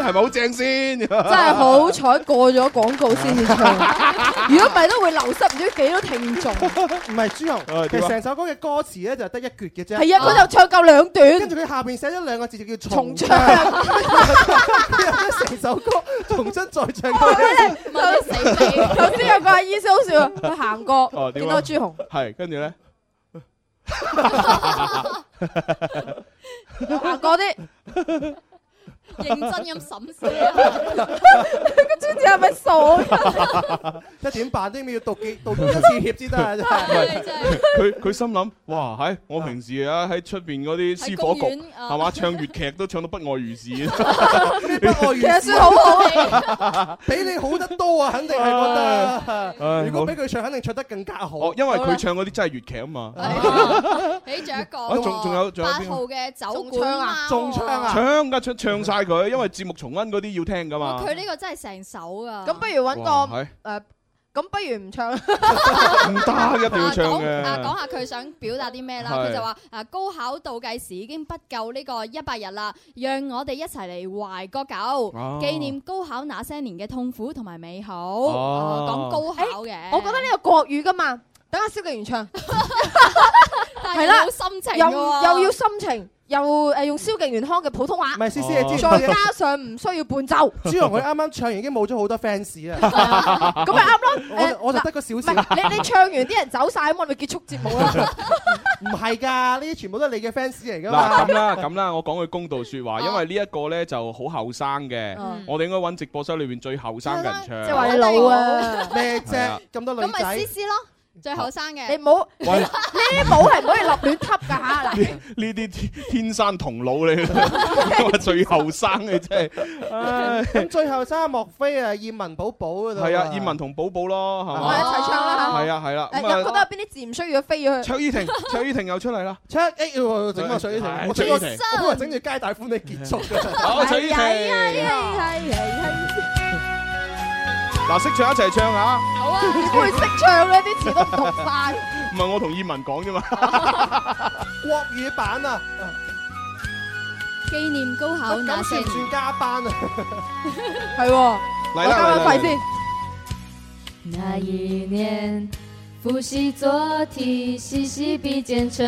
係咪好正先？真係好彩過咗廣告先至唱。如果唔係都會流失唔知幾多都聽眾。唔係朱紅、啊啊，其實成首歌嘅歌詞咧就係得一闋嘅啫。係啊，佢就唱夠兩段。跟住佢下邊寫咗兩個字就叫重唱，成、啊、首歌重新再唱。哇、啊！你呢？死肥、啊，頭先有個阿姨好笑，佢行過見到朱、啊、紅？係跟住咧，行、啊、啲。啊啊認真咁審視啊！個村長係咪傻？ 一點啲點要讀幾？讀幾次協先得啊！佢佢、 就是、 心諗：，哇、哎，我平時啊喺出邊嗰啲私伙局，係嘛、啊？唱粵劇都唱到不外如是，不外如是， 啊啊、 其實算好好啊！你 比你好得多啊，肯定係覺得、啊啊。如果比佢唱，肯定唱得更加好、哦，因為佢唱嗰啲真係粵劇啊嘛。起咗一個，仲仲有仲有八號嘅酒館啊，中槍啊，唱噶，唱唱晒。佢，因為節目重溫嗰啲要聽噶嘛。佢呢個真係成首噶。咁不如揾個誒，咁不如唔唱。唔得，一定要唱。講下佢想表達啲咩啦？佢就話，誒，高考倒計時已經不夠呢個一百日啦，讓我哋一齊嚟懷個狗，紀念高考那些年嘅痛苦同埋美好。講高考嘅，我覺得呢個國語噶嘛。等下肖敬源唱。係啦，又又要心情。又誒用蕭敬元腔嘅普通話，唔係思思，你知，再加上唔需要伴奏，朱容佢啱啱唱完已經冇咗好多 fans 啦，咁咪啱咯。我就、呃、我就得個小事。你，你唱完啲 人走晒，咁我咪結束節目咯。唔係㗎，呢啲全部都係你嘅 fans 嚟㗎嘛。嗱，咁啦咁啦，我講句公道説話、啊，因為呢一個咧就好後生嘅，我哋應該揾直播室裏邊最後生人唱。即係話你老啊？咩啫？咁、啊、多靚女咁咪思思咯。最後生嘅，你唔好呢帽係唔可以立亂執㗎嚇。嗱，呢啲天生同老你，最，哎、最後生嘅即咁最後生莫非誒燕文寶寶度？係啊，燕文同寶寶咯嚇，我一齊唱啦嚇。係啊係啦。入嗰度有邊啲字唔需要飛咗去？卓依婷，卓依婷又出嚟啦。卓整個卓依婷，我整婷咁整住皆大歡喜結束的、哎。卓依婷。哎嗱、啊，識唱一齊唱一下。好啊， 點會識唱咧？啲詞都唔錯晒。唔 係我同二汶講啫嘛。 國語版啊。紀念高考那年。咁、啊、算加班啊？係、 啊，嚟啦，快啲。那一年，複習做題，細細筆尖承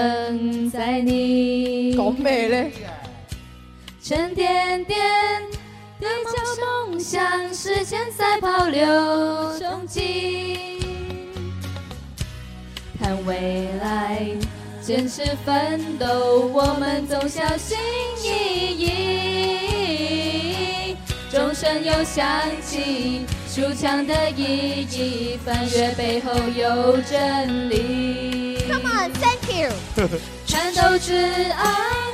載你。講咩咧？沉甸甸。着夢想，時間在保留憧憬看未來，堅持奮鬥，我們總小心翼翼。鐘聲又響起，舒暢的意義，翻越背後有真理。Come on, thank you. 呵呵，戰鬥之愛。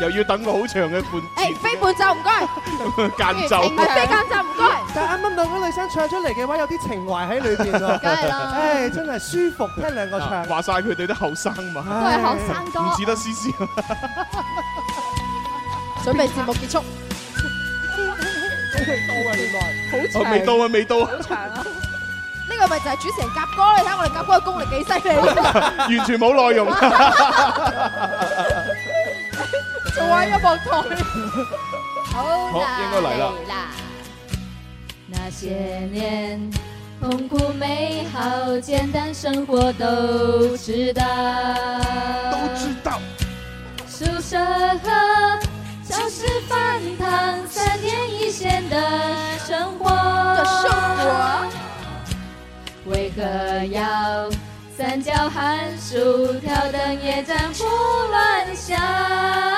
又要等個好長嘅伴奏，誒，飛伴奏唔該，間奏，唔係飛，間奏唔該， 但啱啱兩個女生唱出嚟嘅話有啲情懷喺裏邊梗係啦。誒、哎、真係舒服聽兩個唱，話晒佢哋啲後生嘛，都係後生哥，唔、哎、似得詩詩， 準備節目結束，未 到啊原來，我未、哦、到啊未到，呢 個咪就係主持人夾哥，你睇我哋夾哥嘅功力幾犀利， 完全冇內容。 oh, 好，應該來了啦。那些年，痛苦、美好、簡單生活都知道。都知道。宿舍和教室、飯堂，三點一線的生活。啊、為何要三角函數、挑燈夜戰胡亂想？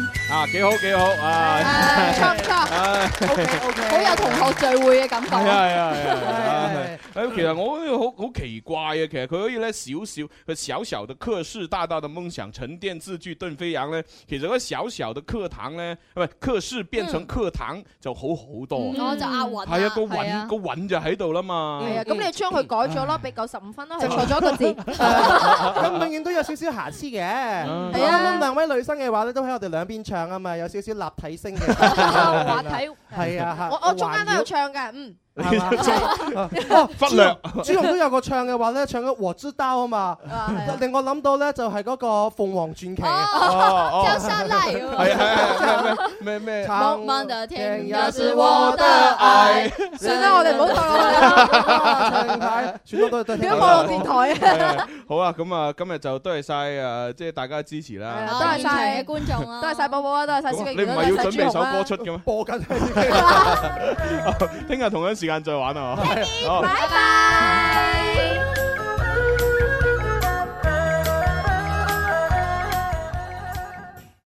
啊，幾好幾好啊！誒，唔錯唔錯，誒，O K O K，好有同學聚會嘅感覺。係、哎、啊，係、哎。誒、哎哎哎哎哎，其實我、嗯、好好奇怪啊，其實佢可以咧，小小佢小小嘅課室，大大嘅夢想，沉澱字句，頓飛揚咧。其實個小小嘅課堂咧，唔係課室變成課堂就好好多。我就押韻啊，係一個韻、啊啊，個韻、啊、就喺度啦嘛。係啊，咁、嗯嗯、你將佢改咗啦，俾九十五分啦。就錯咗個字，咁永遠都有少少瑕疵嘅。係啊，咁兩位女生嘅話咧，都喺我哋兩邊唱。啊嘛，有少少立體聲嘅， 原來 係啊，我我中間都有唱嘅，嗯。忽略朱容都有個唱嘅話咧，唱咗《王之刀》啊嘛，令我諗到咧就係嗰個鳳凰傳奇。哦哦哦，張三麗。係啊係啊係啊，咩咩？蒼茫的天涯是我的愛。算啦，我哋唔好睇啦。點解？朱容都都都。點播落電台啊！好啊，咁啊，今日就多謝晒啊，即係大家支持啦、啊 哦。多謝晒觀眾啊，多謝晒寶寶啊，多謝晒小杰，你唔係要準備首歌出嘅咩？播 緊。聽日同樣、 嗯。時間再玩啊！拜拜。